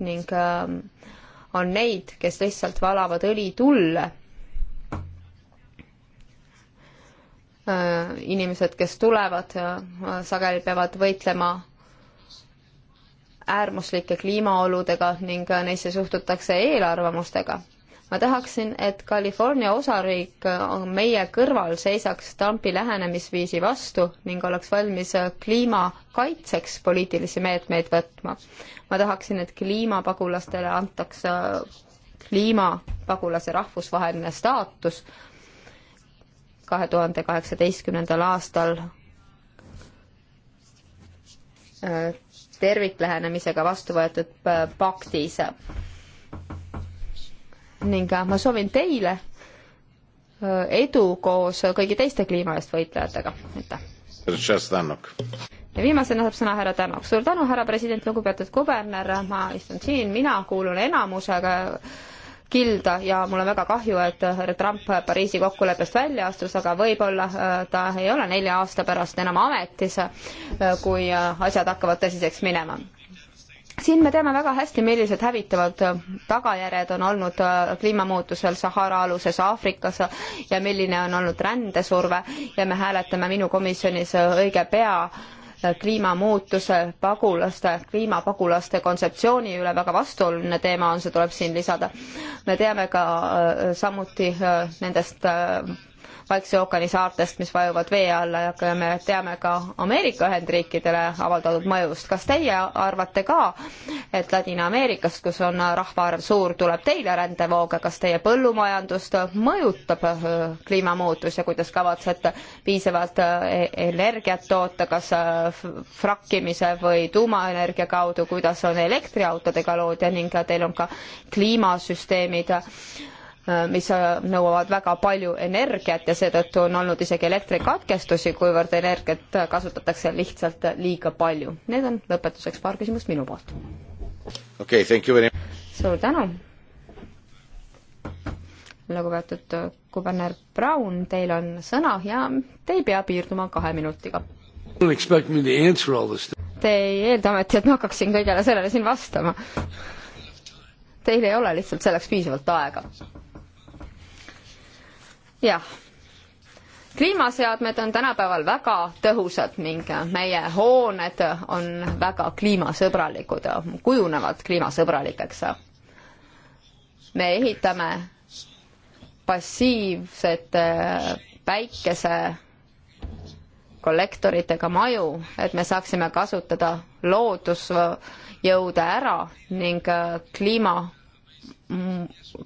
ning ähm, on neid, kes lihtsalt valavad õli tulle. Äh, inimesed, kes tulevad, sageli peavad võitlema äärmuslike kliimaoludega ning neisse suhtutakse eelarvamustega ma tahaksin, et California osariik äh, meie kõrval seisaks Trumpi lähenemisviisi vastu ning oleks valmis äh, kliima kaitseks poliitilisi meetmeid võtma. ma tahaksin, et kliimapagulastele antaks äh, kliimapagulase rahvusvaheline staatus kahe tuhande kaheksateistkümnendal aastal terviklähenemisega vastu võetud paktis ning äh, ma soovin teile äh, edu koos kõigi teiste kliima eest võitlejatega, aitäh! ja viimasena saab sõna härra Tänok. suur tänu, härra president, lugupeetud kuberner, ma istun siin, mina kuulun enamusega kilda ja mul on väga kahju, et härra Trump Pariisi kokkuleppest välja astus, aga võib-olla äh, ta ei ole nelja aasta pärast enam ametis, kui asjad hakkavad tõsiseks minema siin me teame väga hästi, millised hävitavad tagajärjed on olnud äh, kliimamuutusel Sahara aluses Aafrikas ja milline on olnud rändesurve ja me hääletame minu komisjonis õige pea äh, kliimamuutuse pagulaste, kliimapagulaste kontseptsiooni üle väga vastuoluline teema on, see tuleb siin lisada. me teame ka äh, samuti nendest Vaikse ookeani saartest, mis vajuvad vee alla ja me teame ka Ameerika Ühendriikidele avaldatud mõjust. kas teie arvate ka, et Ladina-Ameerikast, kus on rahvaarv suur, tuleb teile rändevooga, kas teie põllumajandust mõjutab äh, kliimamuutus ja kuidas kavatsete piisavalt äh, energiat toota, kas äh, frakkimise või tuumaenergia kaudu, kuidas on elektriautodega lood ja ning teil on ka kliimasüsteemid Äh, mis äh, nõuavad väga palju energiat ja seetõttu on olnud isegi elektrikatkestusi, kuivõrd energiat kasutatakse lihtsalt liiga palju. Need on lõpetuseks paar küsimust minu poolt. okei okay,, thank you very much. suur tänu. lugupeetud äh, kuberner Brown, teil on sõna ja te ei pea piirduma kahe minutiga. Te ei eelda ometi, et ma hakkaksin kõigele sellele siin vastama. Teil ei ole lihtsalt selleks piisavalt aega jah, kliimaseadmed on tänapäeval väga tõhusad ning meie hooned on väga kliimasõbralikud, kujunevad kliimasõbralikeks. me ehitame passiivsete äh, päikesekollektoritega maju, et me saaksime kasutada loodusjõude ära ning äh, kliima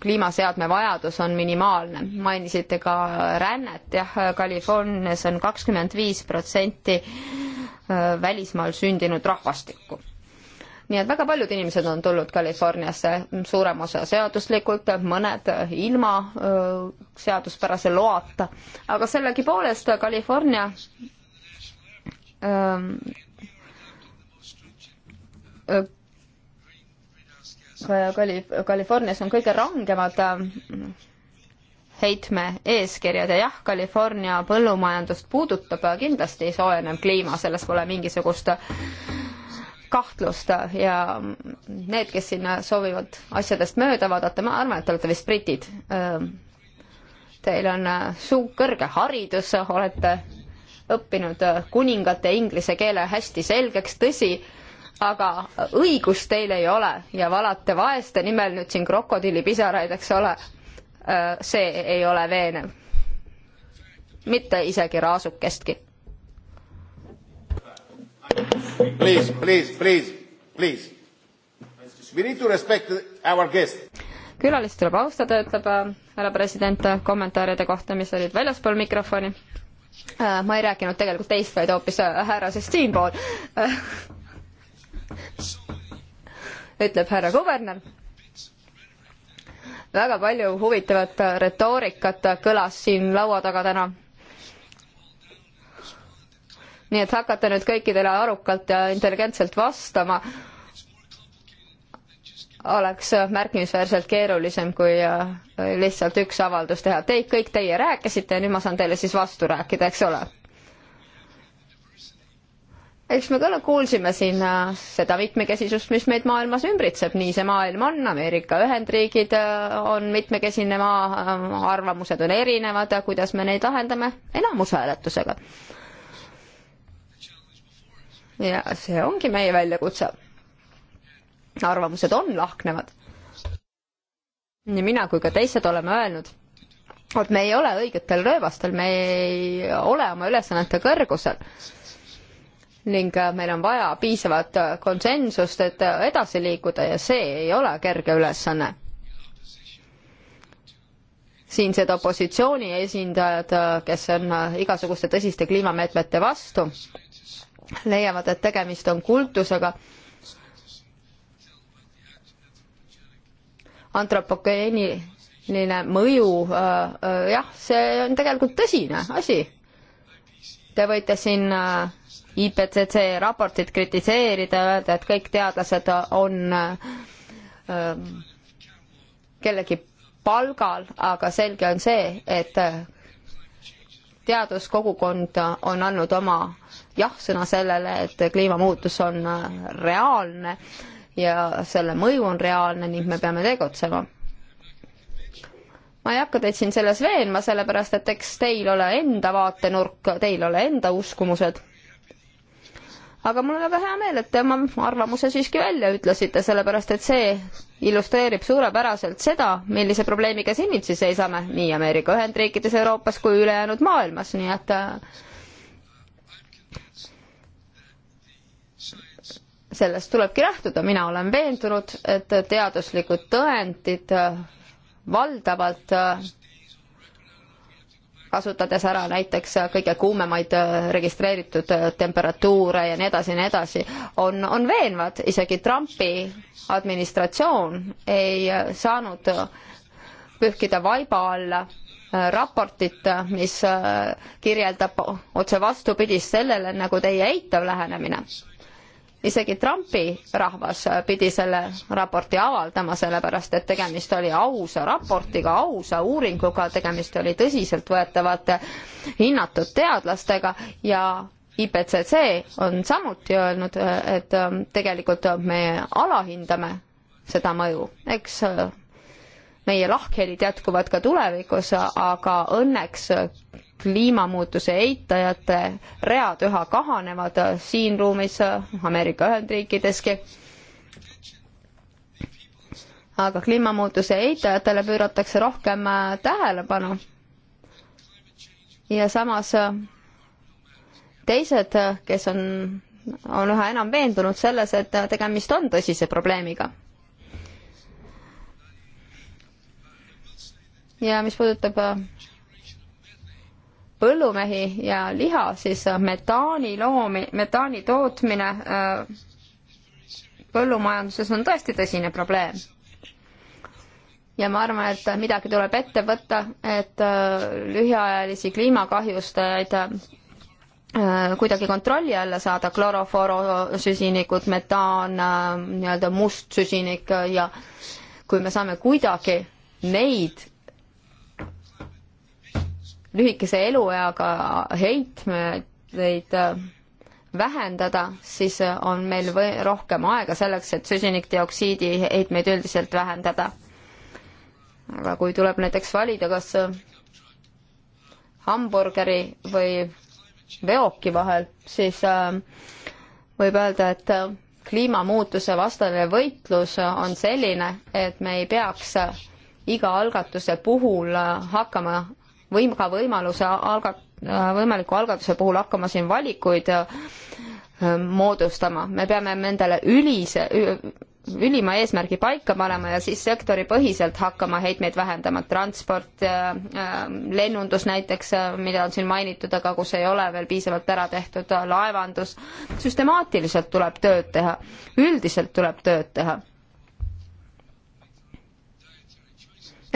kliimaseadme vajadus on minimaalne. mainisite ka rännet, jah, Californias on kakskümmend viis protsenti äh, välismaal sündinud rahvastikku. nii et väga paljud inimesed on tulnud Californiasse, suurem osa seaduslikult, mõned ilma äh, seaduspärase loata, aga sellegipoolest California öö, ähm, öö, äh, Kalif-, Californias on kõige rangemad äh, heitme eeskirjad ja jah, California põllumajandust puudutab äh, kindlasti soojenev kliima, selles pole mingisugust äh, kahtlust ja need, kes sinna soovivad asjadest mööda vaadata, ma arvan, et te olete vist britid. Teil on suur kõrge haridus, olete õppinud kuningate inglise keele hästi selgeks, tõsi, aga õigust teil ei ole ja valate vaeste nimel nüüd siin krokodillipisaraid, eks ole. see ei ole veenev. mitte isegi raasukestki. Please, please, please, please. We need to respect our guest. külalist tuleb austada, ütleb äh, härra president äh, kommentaaride kohta, mis olid väljaspool mikrofoni. Äh, ma ei rääkinud tegelikult teist, vaid hoopis härrasest siinpool <laughs> ütleb härra kuberner. väga palju huvitavat retoorikat kõlas siin laua taga täna. nii et hakata nüüd kõikidele arukalt ja intelligentselt vastama oleks märkimisväärselt keerulisem, kui äh, lihtsalt üks avaldus teha. Teid kõik teie rääkisite ja nüüd ma saan teile siis vastu rääkida, eks ole eks me ka kuulsime siin äh, seda mitmekesisust, mis meid maailmas ümbritseb, nii see maailm on, Ameerika Ühendriigid äh, on mitmekesine maa, äh, arvamused on erinevad, kuidas me neid lahendame enamushääletusega. ja see ongi meie väljakutse. arvamused on lahknevad. nii mina kui ka teised oleme öelnud, et me ei ole õigetel rööbastel, me ei ole oma ülesannete kõrgusel ning äh, meil on vaja piisavat äh, konsensust, et äh, edasi liikuda ja see ei ole kerge ülesanne. siinsed opositsiooni esindajad, kes on igasuguste tõsiste kliimameetmete vastu, leiavad, et tegemist on kultusega, antropogeeniline mõju äh,, jah, see on tegelikult tõsine asi. Te võite siin äh, IPCC raportit kritiseerida, öelda, et kõik teadlased on ähm, kellegi palgal, aga selge on see, et teaduskogukond on andnud oma jah-sõna sellele, et kliimamuutus on reaalne ja selle mõju on reaalne ning me peame tegutsema ma ei hakka teid siin selles veenma, sellepärast et eks teil ole enda vaatenurk, teil ole enda uskumused aga mul on väga hea meel, et te oma arvamuse siiski välja ütlesite, sellepärast et see illustreerib suurepäraselt seda, millise probleemiga silmitsi seisame nii Ameerika Ühendriikides, Euroopas kui ülejäänud maailmas, nii et äh, sellest tulebki lähtuda, mina olen veendunud, et teaduslikud tõendid valdavalt äh, kasutades ära näiteks kõige kuumemaid äh, registreeritud äh, temperatuure ja nii edasi ja nii edasi, on, on veenvad, isegi Trumpi administratsioon ei äh, saanud pühkida vaiba alla raportit, mis kirjeldab otse vastupidist sellele, nagu teie eitav lähenemine isegi Trumpi rahvas pidi selle raporti avaldama, sellepärast et tegemist oli ausa raportiga, ausa uuringuga, tegemist oli tõsiseltvõetavate hinnatud teadlastega ja IPCC on samuti öelnud, et ähm, tegelikult me alahindame seda mõju, eks äh, meie lahkhelid jätkuvad ka tulevikus, aga õnneks kliimamuutuse eitajate read üha kahanevad siin ruumis, Ameerika Ühendriikideski. aga kliimamuutuse eitajatele pööratakse rohkem äh, tähelepanu. ja samas äh, teised, äh, kes on, on üha enam veendunud selles, et tegemist on tõsise probleemiga ja mis puudutab äh, põllumehi ja liha, siis äh, metaani loomi, metaani tootmine äh, põllumajanduses on tõesti tõsine probleem. ja ma arvan, et midagi tuleb ette võtta, et lühiajalisi kliimakahjustajaid kuidagi kontrolli alla saada, klorofoorosüsinikud, metaan, nii-öelda must süsinik ja kui me saame kuidagi neid lühikese elueaga heitmeid äh, vähendada, siis äh, on meil või rohkem aega selleks, et süsinikdioksiidi heitmeid üldiselt vähendada. aga kui tuleb näiteks valida, kas äh, hamburgeri või veoki vahel, siis võib öelda, et kliimamuutuse vastane võitlus on selline, et me ei peaks iga algatuse puhul hakkama võim-, ka võimaluse alga-, äh, võimaliku algatuse puhul hakkama siin valikuid äh, moodustama, me peame endale ülise, ülima eesmärgi paika panema ja siis sektoripõhiselt hakkama heitmeid vähendama, transport, äh, lennundus näiteks, mida on siin mainitud, aga kus ei ole veel piisavalt ära tehtud, laevandus, süstemaatiliselt tuleb tööd teha, üldiselt tuleb tööd teha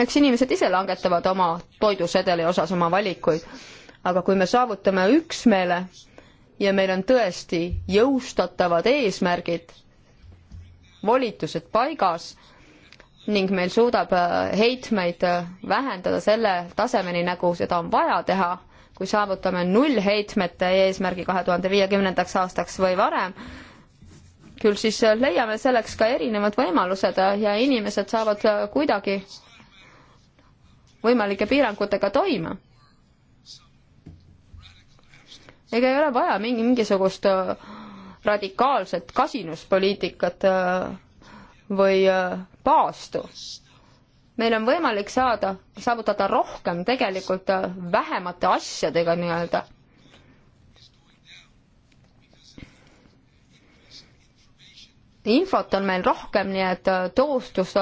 eks inimesed ise langetavad oma toidusedeli osas oma valikuid. aga kui me saavutame üksmeele ja meil on tõesti jõustatavad eesmärgid, volitused paigas ning meil suudab äh, heitmeid äh, vähendada selle tasemeni, nagu seda on vaja teha, kui saavutame nullheitmete eesmärgi kahe tuhande viiekümnendaks aastaks või varem, küll siis äh, leiame selleks ka erinevad võimalused ja inimesed saavad kuidagi võimalike piirangutega toime. ega ei ole vaja mingi, mingisugust äh, radikaalset kasinuspoliitikat äh, või äh, paastu. meil on võimalik saada, saavutada rohkem tegelikult vähemate asjadega nii-öelda. infot on meil rohkem, nii et toostus,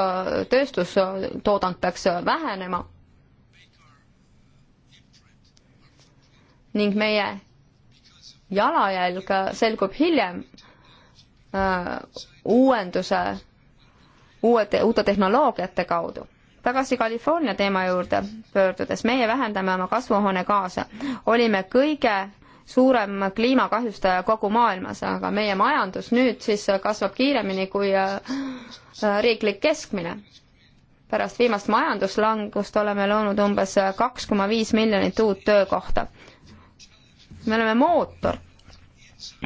tööstustoodang peaks vähenema ning meie jalajälg selgub hiljem äh, uuenduse, uue, uute tehnoloogiate kaudu tagasi California teema juurde pöördudes, meie vähendame oma kasvuhoonegaase. olime kõige suurem kliimakahjustaja kogu maailmas, aga meie majandus nüüd siis kasvab kiiremini kui äh, äh, riiklik keskmine. pärast viimast majanduslangust oleme loonud umbes kaks koma viis miljonit uut töökohta me oleme mootor,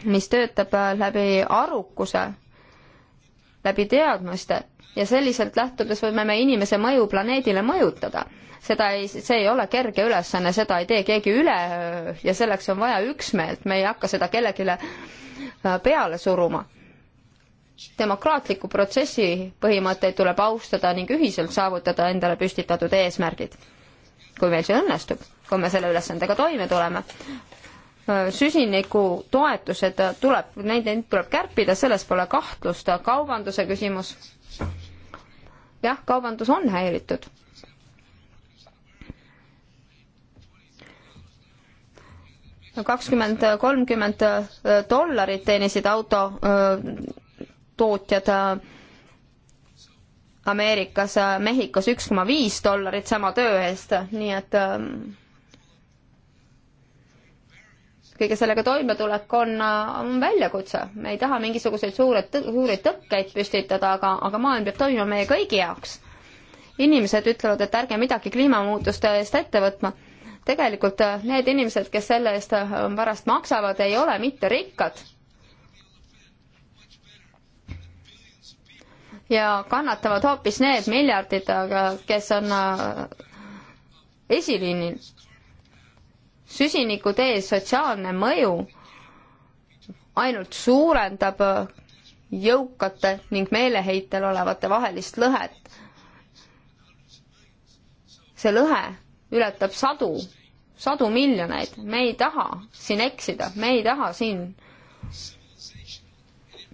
mis töötab äh, läbi arukuse, läbi teadmiste ja selliselt lähtudes võime me inimese mõju planeedile mõjutada. seda ei, see ei ole kerge ülesanne, seda ei tee keegi üleöö äh, ja selleks on vaja üksmeelt, me ei hakka seda kellelegi äh, peale suruma. demokraatliku protsessi põhimõtteid tuleb austada ning ühiselt saavutada endale püstitatud eesmärgid. kui meil see õnnestub, kui me selle ülesandega toime tuleme, süsiniku toetused tuleb, neid, neid tuleb kärpida, selles pole kahtlust, kaubanduse küsimus. jah, kaubandus on häiritud. kakskümmend, kolmkümmend äh, dollarit teenisid autotootjad äh, äh, Ameerikas, Mehhikos üks koma viis dollarit sama töö eest, nii et ähm, kõige sellega toimetulek on, äh, on väljakutse. me ei taha mingisuguseid suure, suureid tõkkeid püstitada, aga, aga maailm peab toimima meie kõigi jaoks. inimesed ütlevad, et ärge midagi kliimamuutuste eest ette võtma. tegelikult äh, need inimesed, kes selle eest pärast äh, maksavad, ei ole mitte rikkad. ja kannatavad hoopis need miljardid, kes on esiliinil süsinikutee sotsiaalne mõju ainult suurendab jõukate ning meeleheitel olevate vahelist lõhet. see lõhe ületab sadu, sadu miljoneid, me ei taha siin eksida, me ei taha siin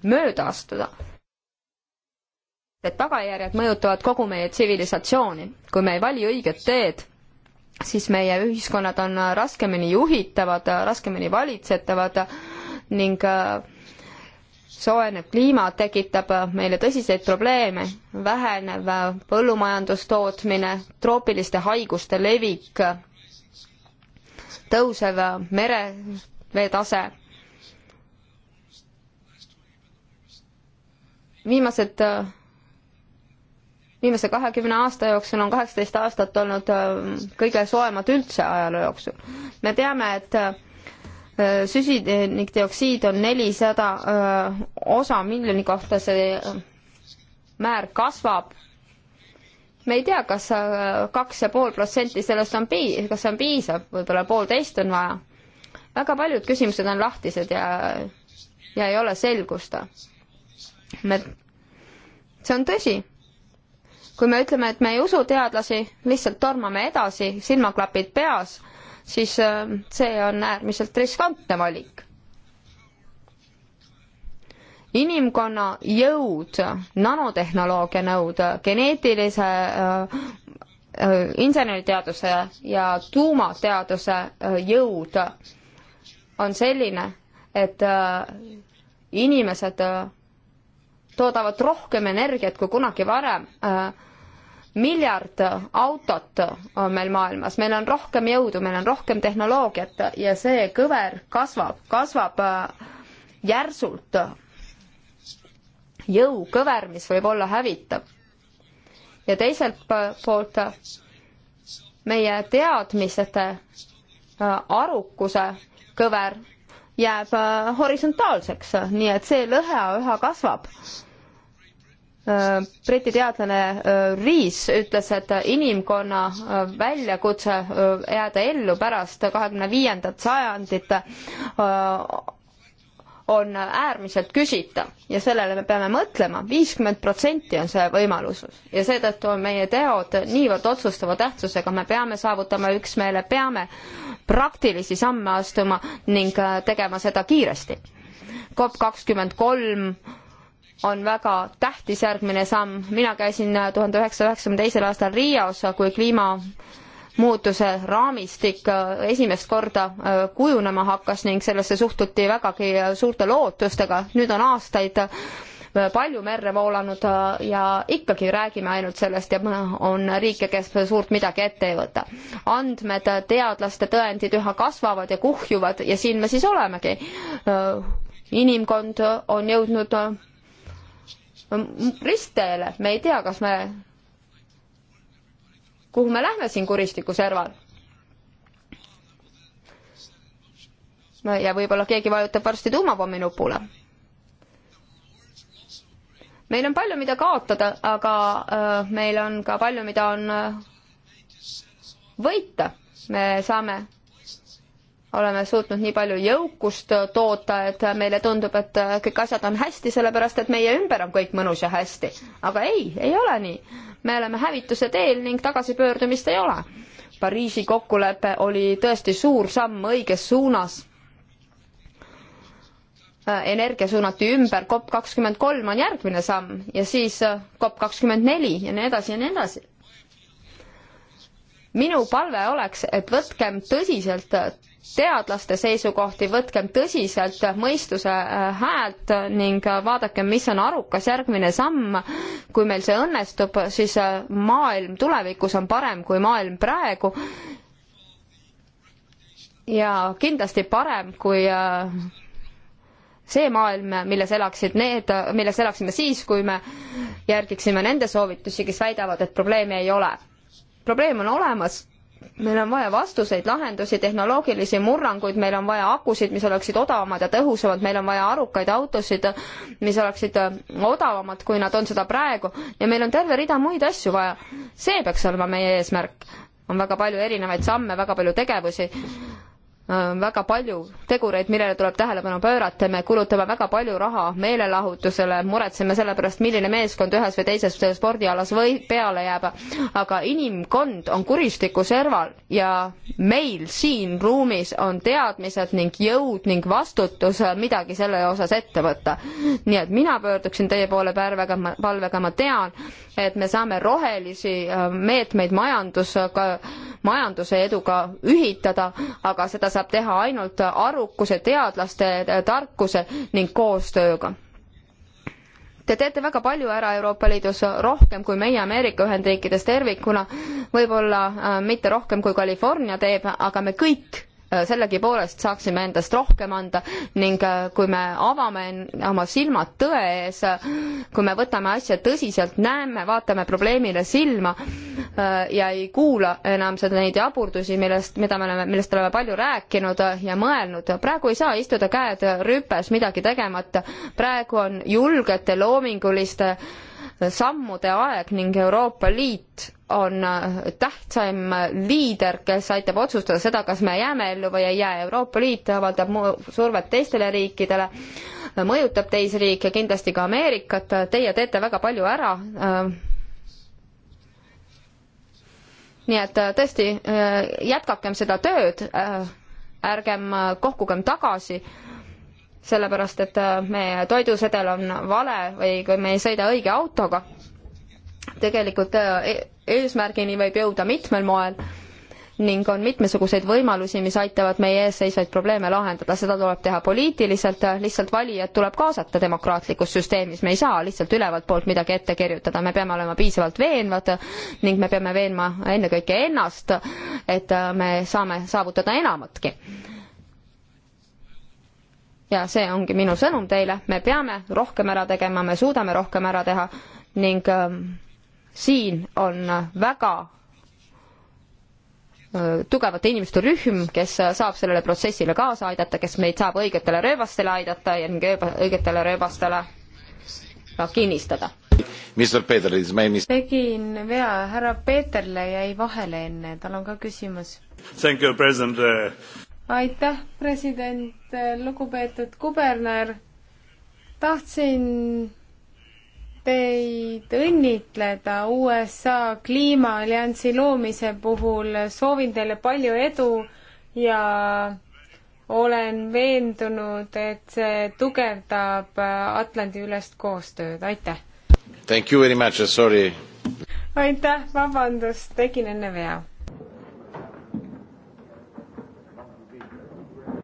mööda astuda. et tagajärjed mõjutavad kogu meie tsivilisatsiooni, kui me ei vali õiget teed siis meie ühiskonnad on raskemini juhitavad, raskemini valitsetavad ning äh, soojenev kliima tekitab meile tõsiseid probleeme, vähenev äh, põllumajandustootmine, troopiliste haiguste levik, tõusev äh, merevee tase. viimased viimase kahekümne aasta jooksul on kaheksateist aastat olnud äh, kõige soojemad üldse ajaloo jooksul. me teame, et äh, süsinikdioksiid on nelisada äh, osa miljoni kohta, see määr kasvab. me ei tea, kas kaks ja pool protsenti sellest on pii-, kas see on piisav, võib-olla poolteist on vaja. väga paljud küsimused on lahtised ja, ja ei ole selgust. me, see on tõsi kui me ütleme, et me ei usu teadlasi, lihtsalt tormame edasi, silmaklapid peas, siis äh, see on äärmiselt riskantne valik. inimkonna jõud, nanotehnoloogia nõud, geneetilise äh, äh, inseneriteaduse ja tuumateaduse jõud on selline, et inimesed toodavad rohkem energiat kui kunagi varem äh, miljard autot on meil maailmas, meil on rohkem jõudu, meil on rohkem tehnoloogiat ja see kõver kasvab, kasvab äh, järsult. jõukõver, mis võib olla hävitav. ja teiselt poolt äh, meie teadmiste äh, arukuse kõver jääb horisontaalseks, nii et see lõhe üha kasvab Briti teadlane äh, Rees ütles, et inimkonna äh, väljakutse äh, jääda ellu pärast kahekümne viiendat sajandit on äärmiselt küsitav ja sellele me peame mõtlema, viiskümmend protsenti on see võimalus ja seetõttu on meie teod niivõrd otsustava tähtsusega, me peame saavutama üksmeele, peame praktilisi samme astuma ning tegema seda kiiresti. COP kakskümmend kolm on väga tähtis järgmine samm. mina käisin tuhande üheksasaja üheksakümne teisel aastal Riios, kui kliimamuutuse raamistik äh, esimest korda äh, kujunema hakkas ning sellesse suhtuti vägagi äh, suurte lootustega. nüüd on aastaid palju merre voolanud ja ikkagi räägime ainult sellest ja on riike, kes suurt midagi ette ei võta. andmed, teadlaste tõendid üha kasvavad ja kuhjuvad ja siin me siis olemegi. inimkond on jõudnud ristteele, me ei tea, kas me, kuhu me lähme siin kuristiku serval. no ja võib-olla keegi vajutab varsti tuumapommi nupule. meil on palju, mida kaotada, aga äh, meil on ka palju, mida on äh, võita. me saame oleme suutnud nii palju jõukust toota, et meile tundub, et kõik asjad on hästi, sellepärast et meie ümber on kõik mõnus ja hästi. aga ei, ei ole nii. me oleme hävituse teel ning tagasipöördumist ei ole. Pariisi kokkulepe oli tõesti suur samm õiges suunas. energia suunati ümber, COP kakskümmend kolm on järgmine samm ja siis COP kakskümmend neli ja nii edasi ja nii edasi minu palve oleks, et võtkem tõsiselt teadlaste seisukohti, võtkem tõsiselt mõistuse äh, häält ning äh, vaadakem, mis on arukas järgmine samm. kui meil see õnnestub, siis äh, maailm tulevikus on parem kui maailm praegu. ja kindlasti parem kui see maailm, milles elaksid need, milles elaksime siis, kui me järgiksime nende soovitusi, kes väidavad, et probleemi ei ole. probleem on olemas meil on vaja vastuseid, lahendusi, tehnoloogilisi murranguid, meil on vaja akusid, mis oleksid odavamad ja tõhusamad, meil on vaja arukaid autosid, mis oleksid äh, odavamad, kui nad on seda praegu ja meil on terve rida muid asju vaja. see peaks olema meie eesmärk. on väga palju erinevaid samme, väga palju tegevusi, Äh, väga palju tegureid, millele tuleb tähelepanu pöörata, me kulutame väga palju raha meelelahutusele, muretseme selle pärast, milline meeskond ühes või teises spordialas või peale jääb, aga inimkond on kuristiku serval ja meil siin ruumis on teadmised ning jõud ning vastutus midagi selle osas ette võtta. nii et mina pöörduksin teie poole pärvega, palvega, ma tean, et me saame rohelisi äh, meetmeid majandus majanduse eduga ühitada, aga seda saab teha ainult arukuse, teadlaste tarkuse ning koostööga. Te teete väga palju ära Euroopa Liidus, rohkem kui meie Ameerika Ühendriikides tervikuna, võib-olla äh, mitte rohkem, kui California teeb, aga me kõik Äh, sellegipoolest saaksime endast rohkem anda ning äh, kui me avame oma silmad tõe ees, kui me võtame asja tõsiselt, näeme, vaatame probleemile silma äh, ja ei kuula enam seda, neid jaburdusi, millest, mida me oleme, millest oleme palju rääkinud ja mõelnud. praegu ei saa istuda käed rüpes midagi tegemata. praegu on julgete loominguliste sammude aeg ning Euroopa Liit on äh, tähtsaim liider, kes aitab otsustada seda, kas me jääme ellu või ei jää. Euroopa Liit avaldab survet teistele riikidele, mõjutab teisi riike, kindlasti ka Ameerikat, teie teete väga palju ära. Äh. nii et äh, tõesti, jätkakem seda tööd, ärgem kohkugem tagasi sellepärast et äh, meie toidusedel on vale või kui me ei sõida õige autoga. tegelikult äh, e-, eesmärgini võib jõuda mitmel moel ning on mitmesuguseid võimalusi, mis aitavad meie ees seisvaid probleeme lahendada, seda tuleb teha poliitiliselt, äh, lihtsalt valijad tuleb kaasata demokraatlikus süsteemis, me ei saa lihtsalt ülevalt poolt midagi ette kirjutada, me peame olema piisavalt veenvad ning me peame veenma ennekõike ennast, et me saame saavutada enamatki ja see ongi minu sõnum teile, me peame rohkem ära tegema, me suudame rohkem ära teha ning äh, siin on väga äh, tugevate inimeste rühm, kes saab sellele protsessile kaasa aidata, kes meid saab õigetele rööbastele aidata ja ning õigetele rööbastele ka kinnistada. tegin vea, härra Peeterle jäi vahele enne, tal on ka küsimus aitäh, president, lugupeetud kuberner. tahtsin teid õnnitleda USA kliimaalliansi loomise puhul, soovin teile palju edu ja olen veendunud, et see tugevdab Atlandi-ülest koostööd, aitäh! Thank you very much, sorry! aitäh, vabandust, tegin enne vea